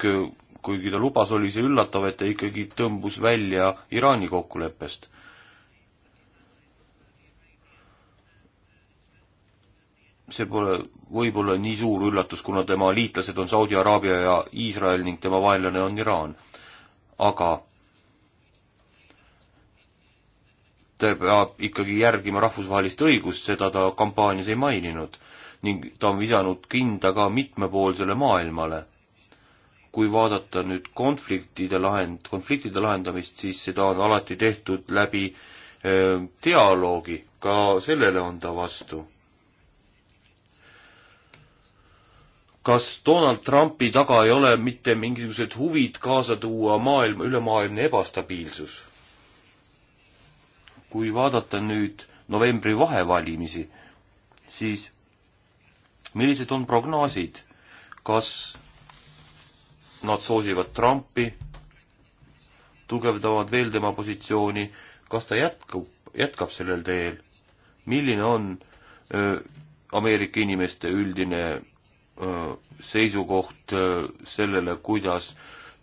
kuigi ta lubas, oli see üllatav, et ta ikkagi tõmbus välja Iraani kokkuleppest. see pole võib-olla nii suur üllatus, kuna tema liitlased on Saudi Araabia ja Iisrael ning tema vaenlane on Iraan. aga ta peab ikkagi järgima rahvusvahelist õigust, seda ta kampaanias ei maininud ning ta on visanud kinda ka mitmepoolsele maailmale. kui vaadata nüüd konfliktide lahend, konfliktide lahendamist, siis seda on alati tehtud läbi öö, eh, dialoogi, ka sellele on ta vastu kas Donald Trumpi taga ei ole mitte mingisugused huvid kaasa tuua maailma, ülemaailmne ebastabiilsus? kui vaadata nüüd novembri vahevalimisi, siis millised on prognoosid, kas nad soosivad Trumpi, tugevdavad veel tema positsiooni, kas ta jätkub, jätkab sellel teel, milline on öö, Ameerika inimeste üldine seisukoht sellele, kuidas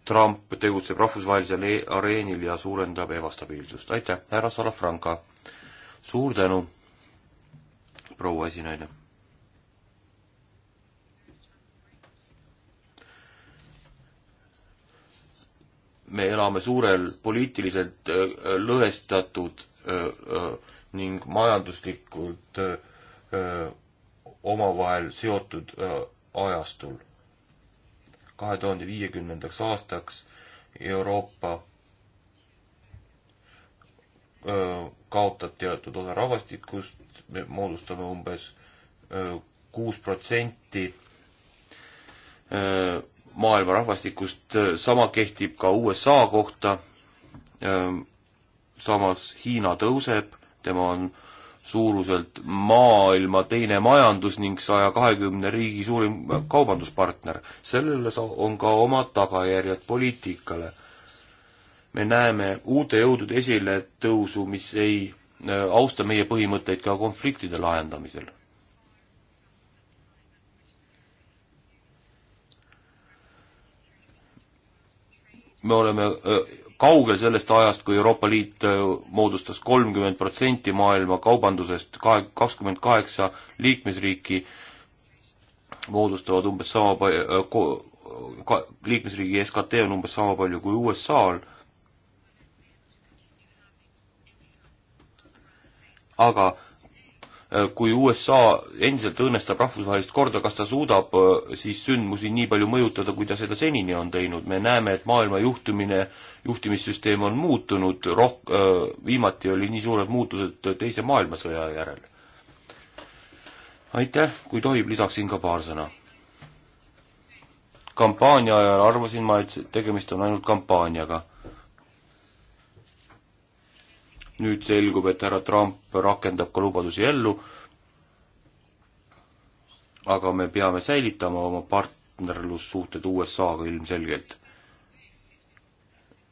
Trump tegutseb rahvusvahelisel e-, areenil ja suurendab ebastabiilsust. aitäh, härra Salafranca! suur tänu, proua esinaine! me elame suurel poliitiliselt lõhestatud ning majanduslikult omavahel seotud ajastul. kahe tuhande viiekümnendaks aastaks Euroopa kaotab teatud osa rahvastikust, me moodustame umbes kuus protsenti maailma rahvastikust, sama kehtib ka USA kohta. samas Hiina tõuseb, tema on suuruselt maailma teine majandus ning saja kahekümne riigi suurim kaubanduspartner. sellel on ka omad tagajärjed poliitikale. me näeme uute jõudude esiletõusu, mis ei äh, austa meie põhimõtteid ka konfliktide lahendamisel. me oleme äh, kaugel sellest ajast, kui Euroopa Liit äh, moodustas kolmkümmend protsenti maailma kaubandusest, kahe, kakskümmend kaheksa liikmesriiki moodustavad umbes sama palju, äh, liikmesriigi SKT on umbes sama palju kui USA-l, aga Äh, kui USA endiselt õõnestab rahvusvahelist korda, kas ta suudab äh, siis sündmusi nii palju mõjutada, kui ta seda senini on teinud, me näeme, et maailma juhtimine, juhtimissüsteem on muutunud, roh-, äh, viimati oli nii suured muutused Teise maailmasõja järel. aitäh, kui tohib, lisaksin ka paar sõna. kampaania ajal arvasin ma, et tegemist on ainult kampaaniaga nüüd selgub, et härra Trump rakendab ka lubadusi ellu, aga me peame säilitama oma partnerlussuhted USA-ga ilmselgelt.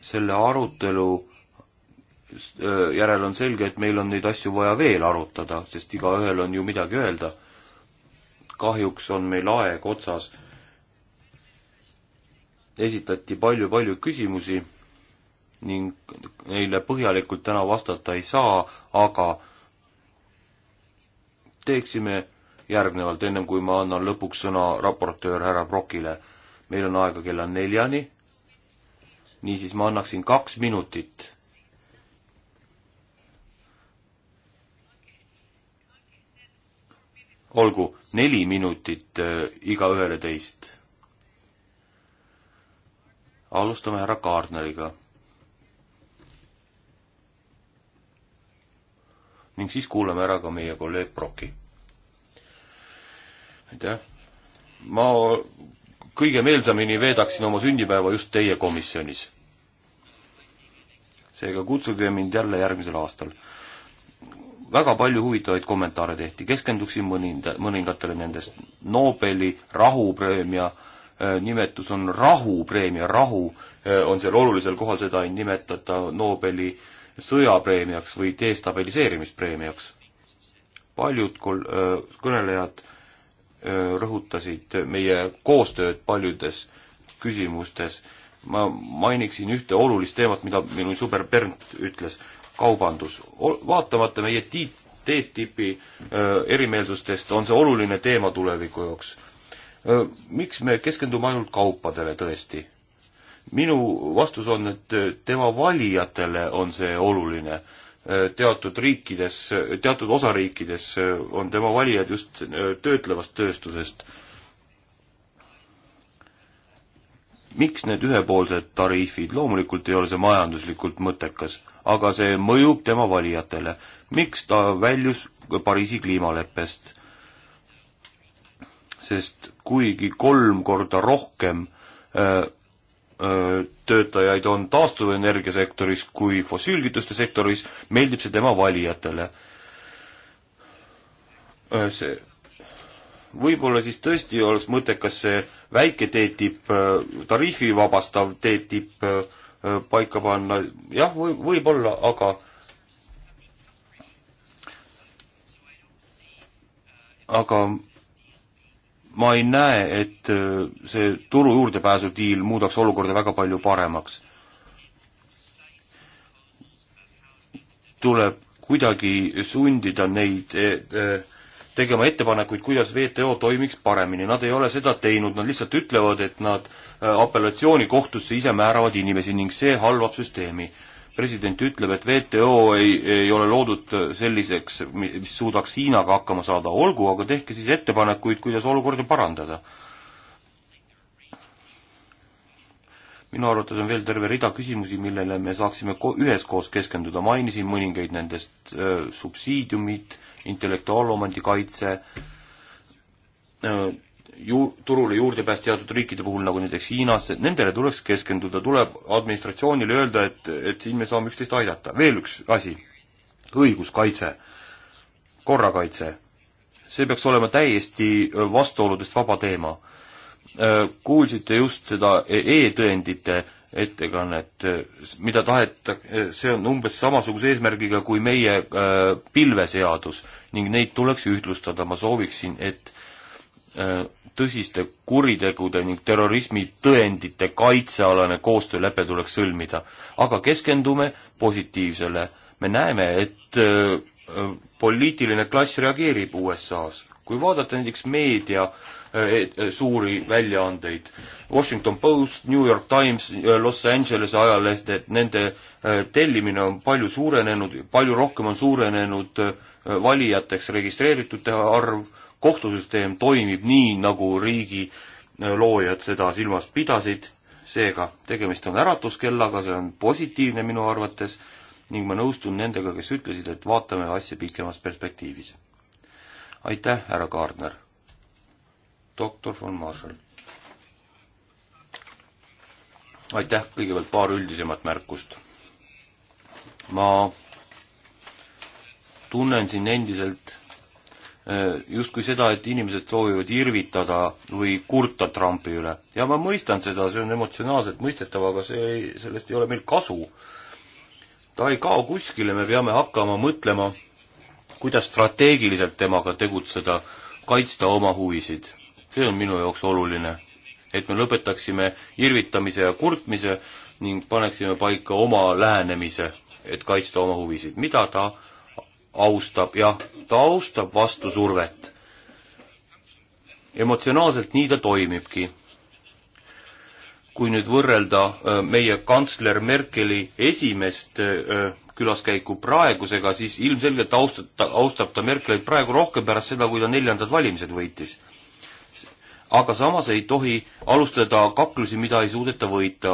selle arutelu äh, järel on selge, et meil on neid asju vaja veel arutada, sest igaühel on ju midagi öelda. kahjuks on meil aeg otsas. esitati palju-palju küsimusi ning neile põhjalikult täna vastata ei saa, aga teeksime järgnevalt, ennem kui ma annan lõpuks sõna raportöör härra Brokile. meil on aega kella neljani. niisiis ma annaksin kaks minutit. olgu, neli minutit äh, igaühele teist. alustame härra Kaardneriga ning siis kuulame ära ka meie kolleeg Proki. aitäh. ma kõige meelsamini veedaksin oma sünnipäeva just teie komisjonis. seega kutsuge mind jälle järgmisel aastal. väga palju huvitavaid kommentaare tehti, keskenduksin mõninda, mõningatele nendest. Nobeli rahupreemia äh, nimetus on rahupreemia, rahu äh, on seal olulisel kohal, seda ei nimetata Nobeli äh, sõjapreemiaks või destabiliseerimispreemiaks. paljud kol-, kõnelejad rõhutasid meie koostööd paljudes küsimustes. ma mainiksin ühte olulist teemat, mida minu sõber Bernt ütles, kaubandus. vaatamata meie tiit-, TTIP-i erimeelsustest on see oluline teema tuleviku jaoks. miks me keskendume ainult kaupadele tõesti? minu vastus on, et äh, tema valijatele on see oluline. Äh, teatud riikides, äh, teatud osariikides on tema valijad just töötlevast tööstusest. miks need ühepoolsed tariifid, loomulikult ei ole see majanduslikult mõttekas, aga see mõjub tema valijatele. miks ta väljus Pariisi kliimaleppest? sest kuigi kolm korda rohkem öö, Äh, töötajaid on taastuvenergia sektoris kui fossiilkütuste sektoris, meeldib see tema valijatele. Äh, see, võib-olla siis tõesti oleks mõttekas see väike TTIP, äh, tariifivabastav TTIP paika panna, jah, või, võib-olla, aga aga ma ei näe, et äh, see turu juurdepääsu diil muudaks olukorda väga palju paremaks. tuleb kuidagi sundida neid e, e, tegema ettepanekuid, kuidas WTO toimiks paremini, nad ei ole seda teinud, nad lihtsalt ütlevad, et nad äh, apellatsioonikohtusse ise määravad inimesi ning see halvab süsteemi president ütleb, et WTO ei, ei ole loodud selliseks, mis suudaks Hiinaga hakkama saada, olgu, aga tehke siis ettepanekuid, kuidas olukorda parandada. minu arvates on veel terve rida küsimusi, millele me saaksime ko-, üheskoos keskenduda, mainisin mõningaid nendest äh,, subsiidiumid, intellektuaalomandi kaitse äh,, ju-, turule juurdepääs teatud riikide puhul, nagu näiteks Hiinas, et nendele tuleks keskenduda, tuleb administratsioonile öelda, et, et siin me saame üksteist aidata. veel üks asi, õiguskaitse, korrakaitse, see peaks olema täiesti vastuoludest vaba teema. Kuulsite just seda e-, e-tõendite ettekannet, mida taheta-, see on umbes samasuguse eesmärgiga kui meie pilveseadus ning neid tuleks ühtlustada, ma sooviksin, et äh, Äh, tõsiste kuritegude ning terrorismi tõendite kaitsealane koostöölepe tuleks sõlmida. aga keskendume positiivsele. me näeme, et äh, äh, poliitiline klass reageerib USA-s. kui vaadata näiteks meedia suuri väljaandeid, Washington Post, New York Times, Los Angelese ajalehted, nende tellimine on palju suurenenud, palju rohkem on suurenenud valijateks registreeritute arv kohtusüsteem toimib nii, nagu riigi äh, loojad seda silmas pidasid, seega tegemist on äratuskellaga, see on positiivne minu arvates ning ma nõustun nendega, kes ütlesid, et vaatame asja pikemas perspektiivis. aitäh, härra Kaardner. doktor von Marshall. aitäh, kõigepealt paar üldisemat märkust. ma tunnen siin endiselt Äh, justkui seda, et inimesed soovivad irvitada või kurta Trumpi üle. ja ma mõistan seda, see on emotsionaalselt mõistetav, aga see ei, sellest ei ole meil kasu. ta ei kao kuskile, me peame hakkama mõtlema, kuidas strateegiliselt temaga tegutseda, kaitsta oma huvisid. see on minu jaoks oluline. et me lõpetaksime irvitamise ja kurtmise ning paneksime paika oma lähenemise, et kaitsta oma huvisid, mida ta austab, jah, ta austab vastusurvet. emotsionaalselt nii ta toimibki. kui nüüd võrrelda meie kantsler Merkeli esimest külaskäiku praegusega, siis ilmselgelt austab ta, austab ta Merkelit praegu rohkem pärast seda, kui ta neljandad valimised võitis. aga samas ei tohi alustada kaklusi, mida ei suudeta võita,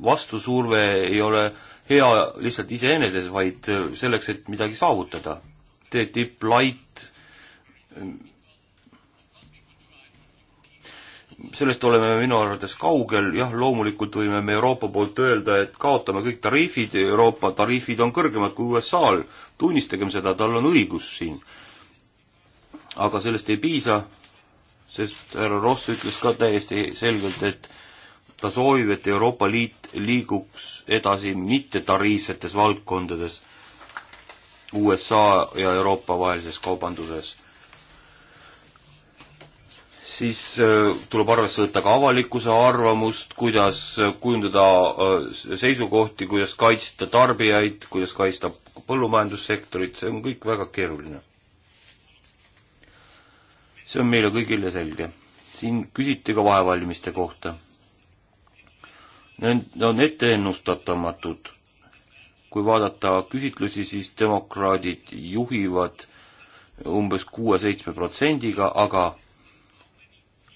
vastusurve ei ole äh, hea lihtsalt iseeneses, vaid äh, selleks, et midagi saavutada. TTIP light, äh, sellest oleme minu arvates kaugel, jah, loomulikult võime me Euroopa poolt öelda, et kaotame kõik tariifid, Euroopa tariifid on kõrgemad kui USA-l, tunnistagem seda, tal on õigus siin. aga sellest ei piisa, sest härra Ross ütles ka täiesti selgelt, et ta soovib, et Euroopa Liit liiguks edasi mittetariifsetes valdkondades USA ja Euroopa vahelises kaubanduses. siis äh, tuleb arvesse võtta ka avalikkuse arvamust, kuidas äh, kujundada äh, seisukohti, kuidas kaitsta tarbijaid, kuidas kaitsta põllumajandussektorit, see on kõik väga keeruline. see on meile kõigile selge. siin küsiti ka vahevalimiste kohta Need on etteennustamatud. kui vaadata küsitlusi, siis demokraadid juhivad umbes kuue-seitsme protsendiga, aga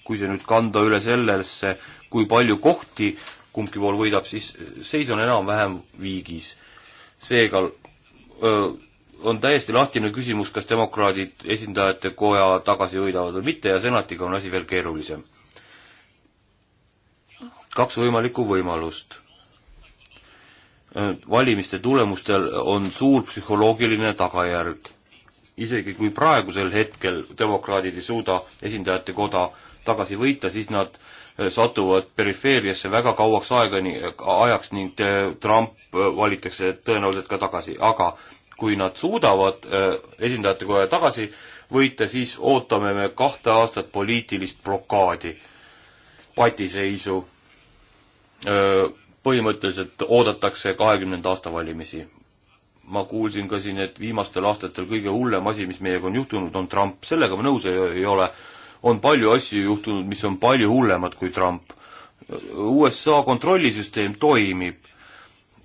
kui see nüüd kanda üle sellesse, kui palju kohti kumbki pool võidab, siis seis on enam-vähem viigis. seega öö, on täiesti lahtine küsimus, kas demokraadid esindajate koja tagasi võidavad või mitte ja senatiga on asi veel keerulisem kaks võimalikku võimalust. valimiste tulemustel on suur psühholoogiline tagajärg. isegi kui praegusel hetkel demokraadid ei suuda esindajate koda tagasi võita, siis nad eh, satuvad perifeeriasse väga kauaks aega, eh, ajaks ning eh, Trump valitakse tõenäoliselt ka tagasi, aga kui nad suudavad esindajate koja tagasi võita, siis ootame me kahte aastat poliitilist blokaadi, patiseisu põhimõtteliselt oodatakse kahekümnenda aasta valimisi. ma kuulsin ka siin, et viimastel aastatel kõige hullem asi, mis meiega on juhtunud, on Trump, sellega ma nõus ei, ei ole. on palju asju juhtunud, mis on palju hullemad kui Trump. USA kontrollisüsteem toimib,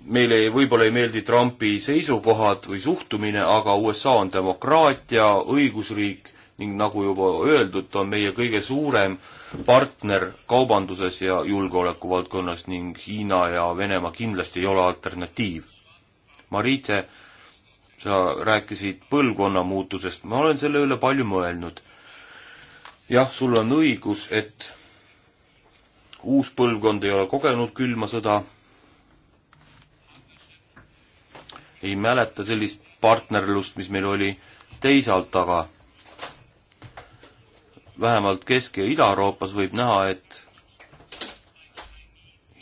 meile ei, võib-olla ei meeldi Trumpi seisukohad või suhtumine, aga USA on demokraatia, õigusriik ning nagu juba öeldud, on meie kõige suurem äh, partner kaubanduses ja julgeoleku valdkonnas ning Hiina ja Venemaa kindlasti ei ole alternatiiv. Marite, sa rääkisid põlvkonna muutusest, ma olen selle üle palju mõelnud. jah, sul on õigus, et uus põlvkond ei ole kogenud külma sõda, ei mäleta sellist partnerlust, mis meil oli, teisalt aga vähemalt Kesk- ja Ida-Euroopas võib näha, et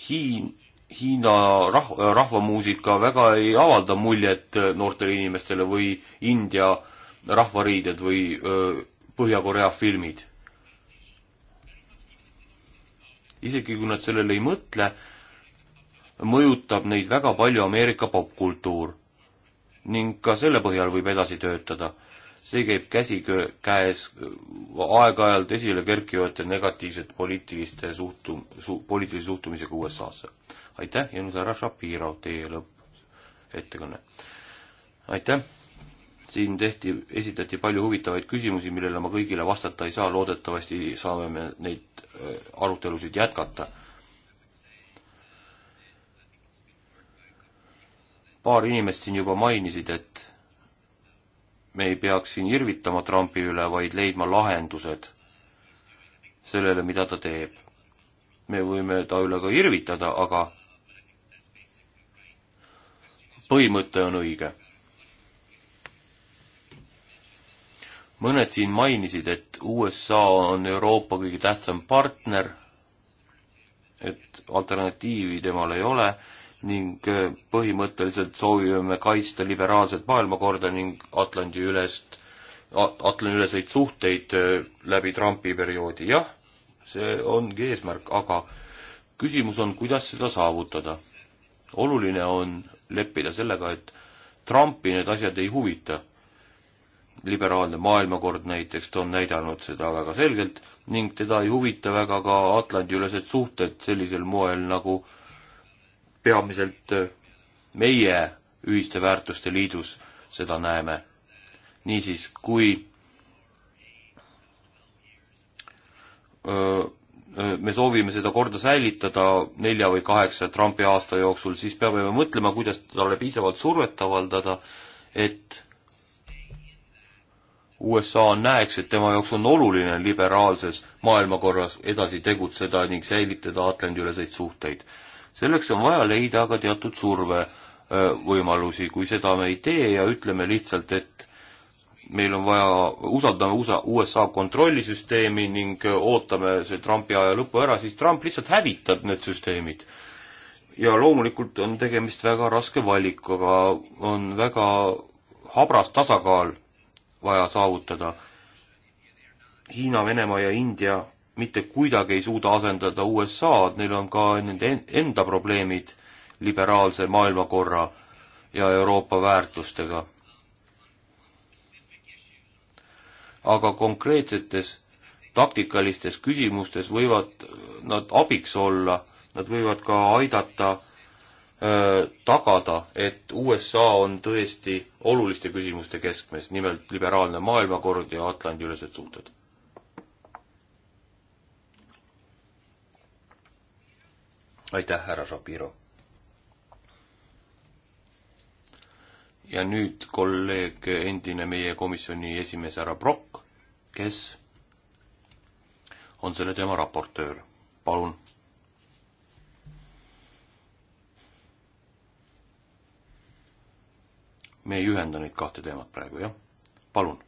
Hiin, Hiina rah-, äh, rahvamuusika väga ei avalda muljet äh, noortele inimestele või India rahvariided või äh, Põhja-Korea filmid. isegi kui nad sellele ei mõtle, mõjutab neid väga palju Ameerika popkultuur ning ka selle põhjal võib edasi töötada see käib käsikäes aeg-ajalt esile kerkivate negatiivsete poliitiliste suhtum- su,, poliitilise suhtumisega USA-sse. aitäh ja nüüd härra Shapiro, teie lõppettekanne. aitäh, siin tehti, esitati palju huvitavaid küsimusi, millele ma kõigile vastata ei saa, loodetavasti saame me neid äh, arutelusid jätkata. paar inimest siin juba mainisid, et me ei peaks siin irvitama Trumpi üle, vaid leidma lahendused sellele, mida ta teeb. me võime ta üle ka irvitada, aga põhimõte on õige. mõned siin mainisid, et USA on Euroopa kõige tähtsam partner, et alternatiivi temal ei ole ning äh, põhimõtteliselt soovime kaitsta liberaalset maailmakorda ning Atlandi ülest, Atlandi üleseid suhteid äh, läbi Trumpi perioodi, jah, see ongi eesmärk, aga küsimus on, kuidas seda saavutada. oluline on leppida sellega, et Trumpi need asjad ei huvita. liberaalne maailmakord näiteks, ta on näidanud seda väga selgelt ning teda ei huvita väga ka Atlandi-ülesed suhted sellisel moel, nagu äh, peamiselt äh, meie ühiste väärtuste liidus seda näeme. niisiis, kui öö, äh, äh, me soovime seda korda säilitada nelja või kaheksa Trumpi aasta jooksul, siis peame me mõtlema, kuidas talle piisavalt survet avaldada, et USA näeks, et tema jaoks on oluline liberaalses maailmakorras edasi tegutseda ning säilitada Atlandi-üleseid suhteid selleks on vaja leida aga teatud survevõimalusi, äh, kui seda me ei tee ja ütleme lihtsalt, et meil on vaja, usaldame USA, USA kontrollisüsteemi ning äh, ootame see Trumpi aja lõpu ära, siis Trump lihtsalt hävitab need süsteemid. ja loomulikult on tegemist väga raske valikuga, on väga habras tasakaal vaja saavutada. Hiina, Venemaa ja India mitte kuidagi ei suuda asendada USA-d, neil on ka nende enda probleemid liberaalse maailmakorra ja Euroopa väärtustega. aga konkreetsetes taktikalistes küsimustes võivad nad abiks olla, nad võivad ka aidata öö, tagada, et USA on tõesti oluliste küsimuste keskmes, nimelt liberaalne maailmakord ja Atlandi-ülesed suhted aitäh, härra Shapiro. ja nüüd kolleeg, endine meie komisjoni esimees härra Brock, kes on selle teema raportöör. palun. me ei ühenda neid kahte teemat praegu, jah? palun.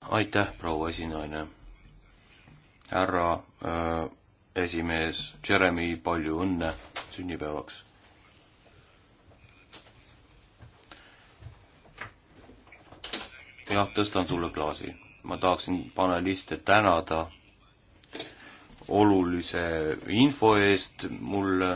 aitäh, proua esinaine härra äh, esimees Jeremy, palju õnne sünnipäevaks. jah, tõstan sulle klaasi. ma tahaksin paneliste tänada olulise info eest mulle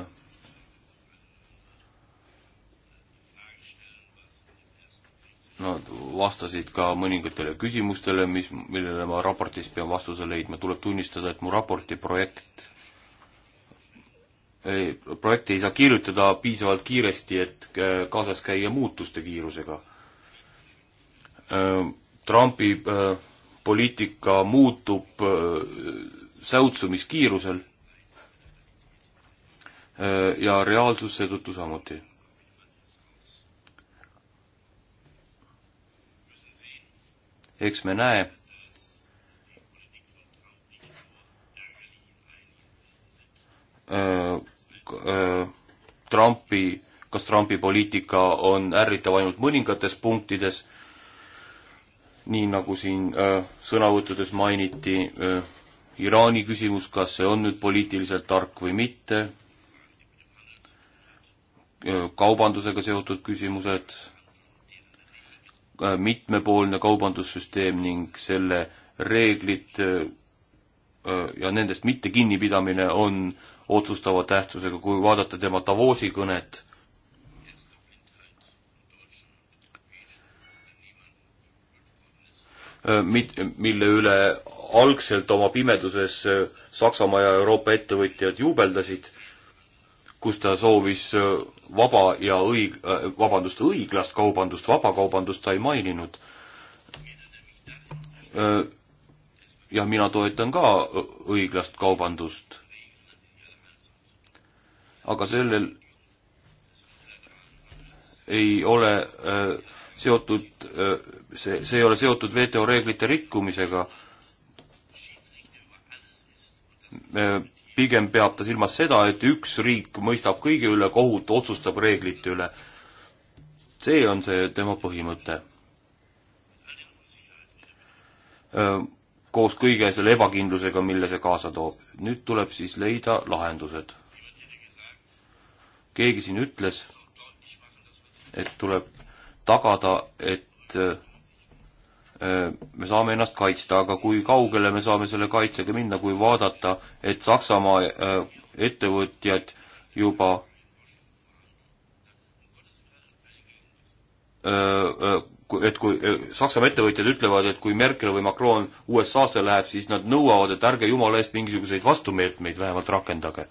Nad vastasid ka mõningatele küsimustele, mis, millele ma raportis pean vastuse leidma. tuleb tunnistada, et mu raporti projekt, projekti ei saa kirjutada piisavalt kiiresti, et äh, kaasas käia muutuste kiirusega. Äh, Trumpi äh, poliitika muutub säutsumiskiirusel ja reaalsus seetõttu samuti eks me näe, Trumpi, kas Trumpi poliitika on ärritav ainult mõningates punktides, nii nagu siin öö, sõnavõttudes mainiti, Iraani küsimus, kas see on nüüd poliitiliselt tark või mitte, kaubandusega seotud küsimused Äh, mitmepoolne kaubandussüsteem ning selle reeglid äh, ja nendest mitte kinnipidamine on otsustava tähtsusega, kui vaadata tema Davosi kõnet, äh, mit-, mille üle algselt oma pimeduses Saksamaa ja Euroopa ettevõtjad juubeldasid, kus ta soovis vaba ja õig-, äh, vabandust, õiglast kaubandust, vabakaubandust ta ei maininud. Äh, jah, mina toetan ka õiglast kaubandust. aga sellel ei ole äh, seotud, see, see ei ole seotud WTO reeglite rikkumisega pigem peab ta silmas seda, et üks riik mõistab kõige üle kohut, otsustab reeglite üle. see on see tema põhimõte. koos kõige selle ebakindlusega, mille see kaasa toob. nüüd tuleb siis leida lahendused. keegi siin ütles, et tuleb tagada, et Äh, me saame ennast kaitsta, aga kui kaugele me saame selle kaitsega minna, kui vaadata, et Saksamaa äh, ettevõtjad juba äh, et kui Saksamaa ettevõtjad ütlevad, et kui Merkel või Macron USA-sse läheb, siis nad nõuavad, et ärge jumala eest mingisuguseid vastumeetmeid vähemalt rakendage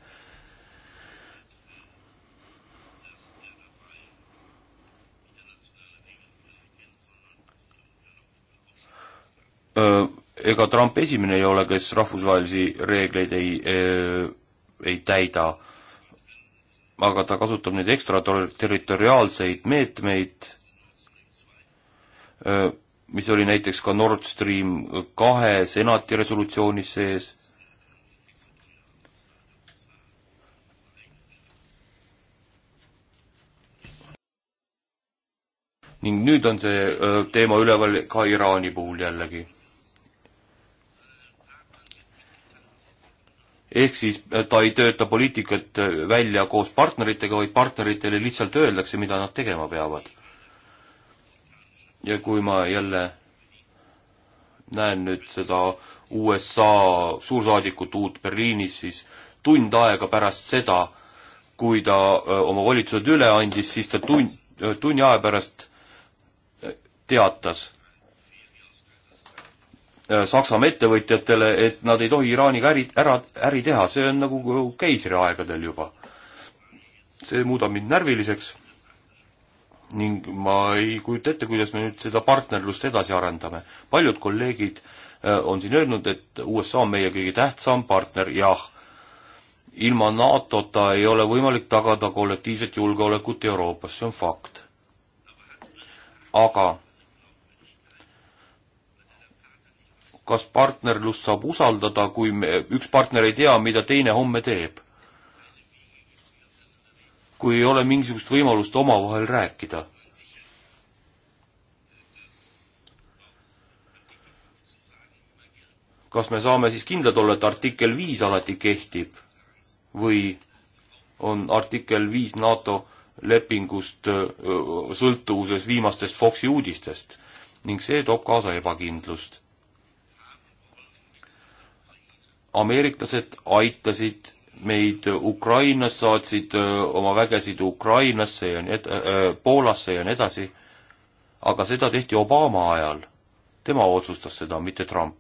ega Trump esimene ei ole, kes rahvusvahelisi reegleid ei, ei täida, aga ta kasutab neid ekstraterritoriaalseid meetmeid, mis oli näiteks ka Nord Stream kahe senati resolutsioonis sees ning nüüd on see teema üleval ka Iraani puhul jällegi. ehk siis äh, ta ei tööta poliitikat äh, välja koos partneritega, vaid partneritele lihtsalt öeldakse, mida nad tegema peavad. ja kui ma jälle näen nüüd seda USA suursaadikut uut Berliinis, siis tund aega pärast seda, kui ta äh, oma volitused üle andis, siis ta tund, tunni aja pärast teatas Äh, Saksamaa ettevõtjatele, et nad ei tohi Iraaniga äri, ära, äri teha, see on nagu keisriaegadel juba. see muudab mind närviliseks ning ma ei kujuta ette, kuidas me nüüd seda partnerlust edasi arendame. paljud kolleegid äh, on siin öelnud, et USA on meie kõige tähtsam partner, jah, ilma NATO-ta ei ole võimalik tagada kollektiivset julgeolekut Euroopas, see on fakt. aga kas partnerlust saab usaldada, kui me, üks partner ei tea, mida teine homme teeb? kui ei ole mingisugust võimalust omavahel rääkida kas me saame siis kindlad olla, et artikkel viis alati kehtib või on artikkel viis NATO lepingust sõltuvuses viimastest Foxi uudistest ning see toob kaasa ebakindlust. ameeriklased aitasid meid Ukrainas, saatsid öö, oma vägesid Ukrainasse ja nii et-, Poolasse ja nii edasi, aga seda tehti Obama ajal. tema otsustas seda, mitte Trump.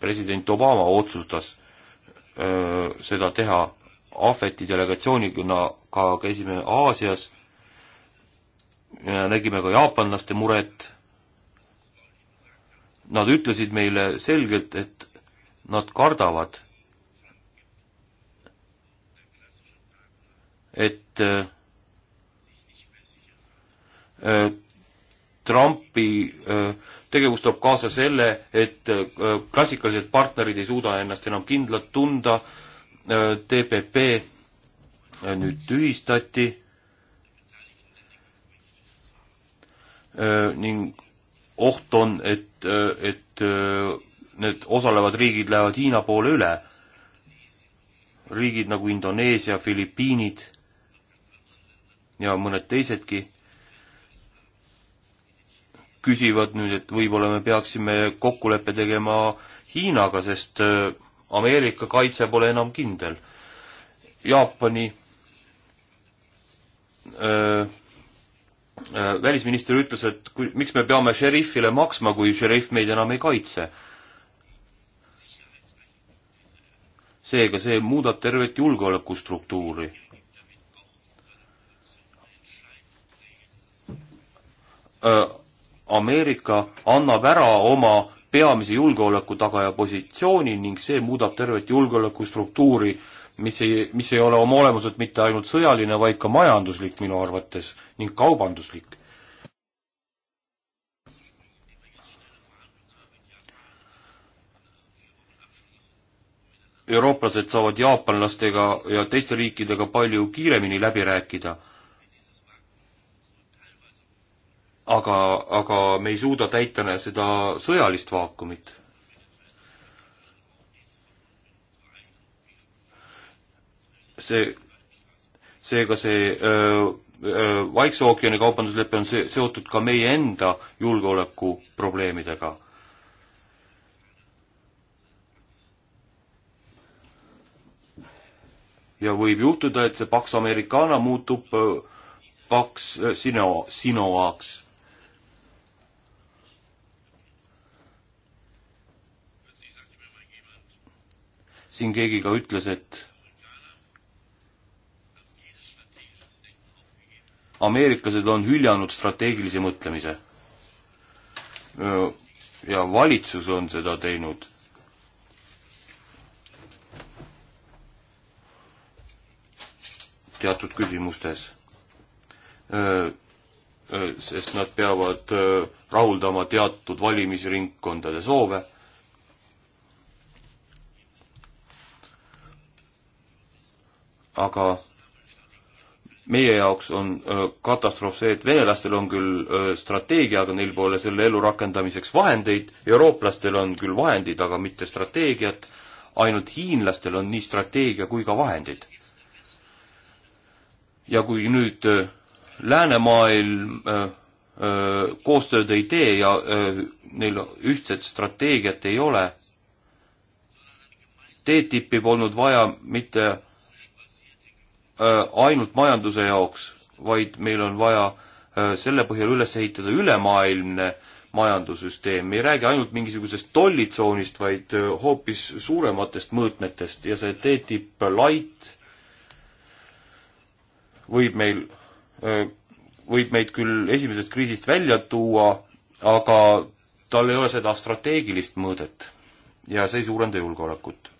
president Obama otsustas öö, seda teha, Ahveti delegatsiooniga käisime Aasias nägime ka jaapanlaste muret. Nad ütlesid meile selgelt, et nad kardavad, et äh, Trumpi äh, tegevus toob kaasa selle, et äh, klassikalised partnerid ei suuda ennast enam kindlalt tunda, äh, TPP äh, nüüd tühistati Äh, ning oht on, et, äh, et äh, need osalevad riigid lähevad Hiina poole üle. riigid nagu Indoneesia, Filipiinid ja mõned teisedki küsivad nüüd, et võib-olla me peaksime kokkuleppe tegema Hiinaga, sest Ameerika kaitse pole enam kindel. Jaapani öö, Äh, välisminister ütles, et kui, miks me peame šerifile maksma, kui šerif meid enam ei kaitse. seega see muudab tervet julgeolekustruktuuri. Äh, Ameerika annab ära oma peamise julgeoleku tagaja positsiooni ning see muudab tervet julgeolekustruktuuri äh, mis ei, mis ei ole oma olemuselt mitte ainult sõjaline, vaid ka majanduslik minu arvates ning kaubanduslik. eurooplased saavad jaapanlastega ja teiste riikidega palju kiiremini läbi rääkida aga, aga me ei suuda täita seda sõjalist vaakumit. see, seega see öö, öö, Vaikse ookeani kaubanduslepe on see, seotud ka meie enda julgeolekuprobleemidega. ja võib juhtuda, et see Pax Americana muutub öö, Pax Sino, Sinoaks siin keegi ka ütles, et ameeriklased on hüljanud strateegilise mõtlemise. ja valitsus on seda teinud. teatud küsimustes. sest nad peavad rahuldama teatud valimisringkondade soove aga meie jaoks on äh, katastroof see, et venelastel on küll äh, strateegia, aga neil pole selle elu rakendamiseks vahendeid, eurooplastel on küll vahendid, aga mitte strateegiat, ainult hiinlastel on nii strateegia kui ka vahendid. ja kui nüüd äh, läänemaailm koostööd ei tee ja neil ühtset strateegiat ei ole, TTIP-i polnud vaja mitte Äh, ainult majanduse jaoks, vaid meil on vaja äh, selle põhjal üles ehitada ülemaailmne majandussüsteem, me ei räägi ainult mingisugusest tollitsoonist, vaid äh, hoopis suurematest mõõtmetest ja see TTIP light võib meil, võib meid küll esimesest kriisist välja tuua, aga tal ei ole seda strateegilist mõõdet ja see ei suurenda julgeolekut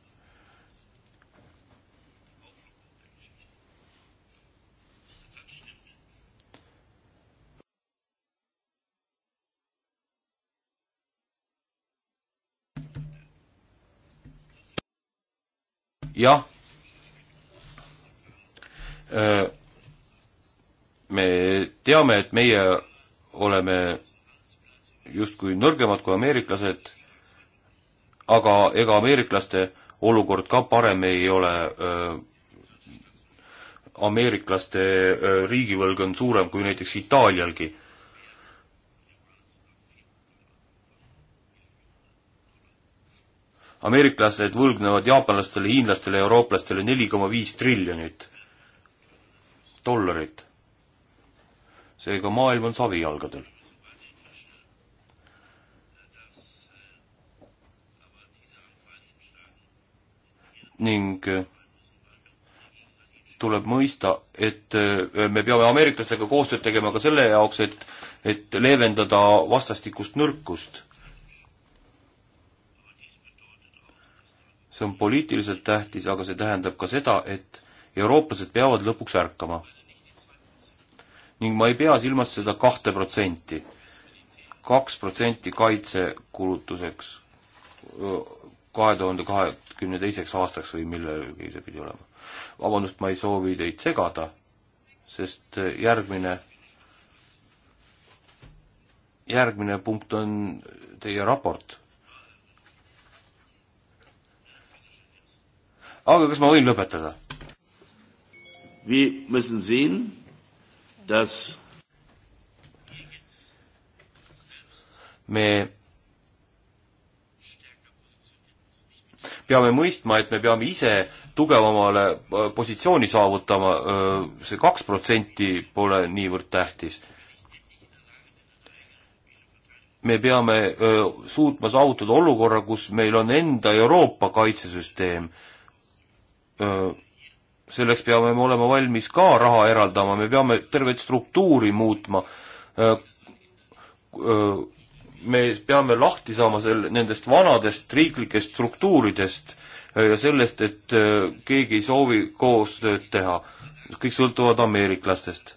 jah, me teame, et meie oleme justkui nõrgemad kui ameeriklased, aga ega ameeriklaste olukord ka parem ei ole. ameeriklaste riigivõlg on suurem kui näiteks Itaalialgi ameeriklased võlgnevad jaapanlastele, hiinlastele, eurooplastele neli koma viis triljonit dollarit. seega maailm on savijalgadel. ning äh, tuleb mõista, et äh, me peame ameeriklastega koostööd tegema ka selle jaoks, et, et leevendada vastastikust nõrkust see on poliitiliselt tähtis, aga see tähendab ka seda, et eurooplased peavad lõpuks ärkama. ning ma ei pea silmas seda kahte protsenti, kaks protsenti kaitsekulutuseks kahe tuhande kahekümne teiseks aastaks või millelgi see pidi olema. vabandust, ma ei soovi teid segada, sest järgmine, järgmine punkt on teie raport aga kas ma võin lõpetada? me peame mõistma, et me peame ise tugevamale äh, positsiooni saavutama see, äh, see kaks protsenti pole niivõrd tähtis. me peame äh, suutma saavutada olukorra, kus meil on enda Euroopa kaitsesüsteem selleks peame me olema valmis ka raha eraldama, me peame tervet struktuuri muutma. me peame lahti saama sel-, nendest vanadest riiklikest struktuuridest ja sellest, et keegi ei soovi koostööd teha. kõik sõltuvad ameeriklastest.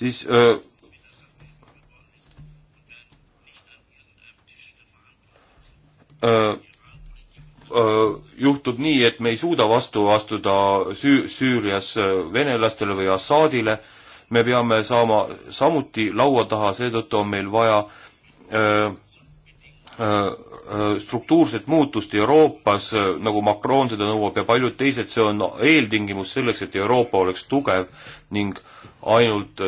siis öö, Äh, äh, juhtub nii, et me ei suuda vastu astuda Süü-, Süürias äh, venelastele või Assadile, me peame saama samuti laua taha, seetõttu on meil vaja öö, öö, struktuurset muutust Euroopas, nagu Macron seda nõuab ja paljud teised, see on eeltingimus selleks, et Euroopa oleks tugev ning ainult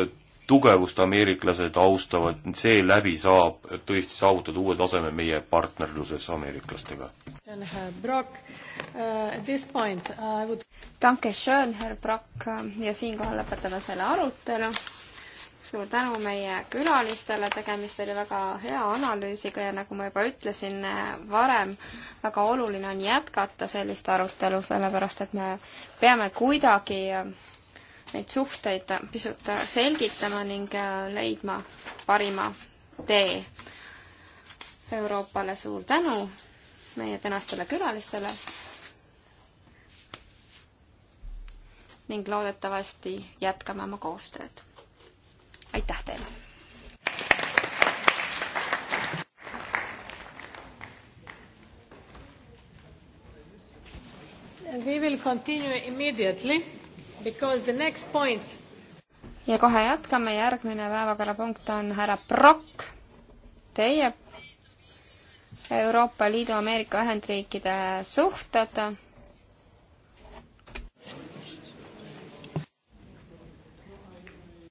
tugevust ameeriklased austavad, seeläbi saab tõesti saavutada uue taseme meie partnerluses ameeriklastega. Uh, uh, uh, Danke schön, härra Brock ja siinkohal lõpetame selle arutelu. suur tänu meie külalistele, tegemist oli väga hea analüüsiga ja nagu ma juba ütlesin äh, varem, väga oluline on jätkata sellist arutelu, sellepärast et me peame kuidagi äh, neid suhteid pisut selgitama ning leidma parima tee Euroopale. suur tänu meie tänastele külalistele ning loodetavasti jätkame oma koostööd. aitäh teile! We will continue immediately ja kohe jätkame, järgmine päevakorrapunkt on härra Brock, teie Euroopa Liidu Ameerika Ühendriikide suhted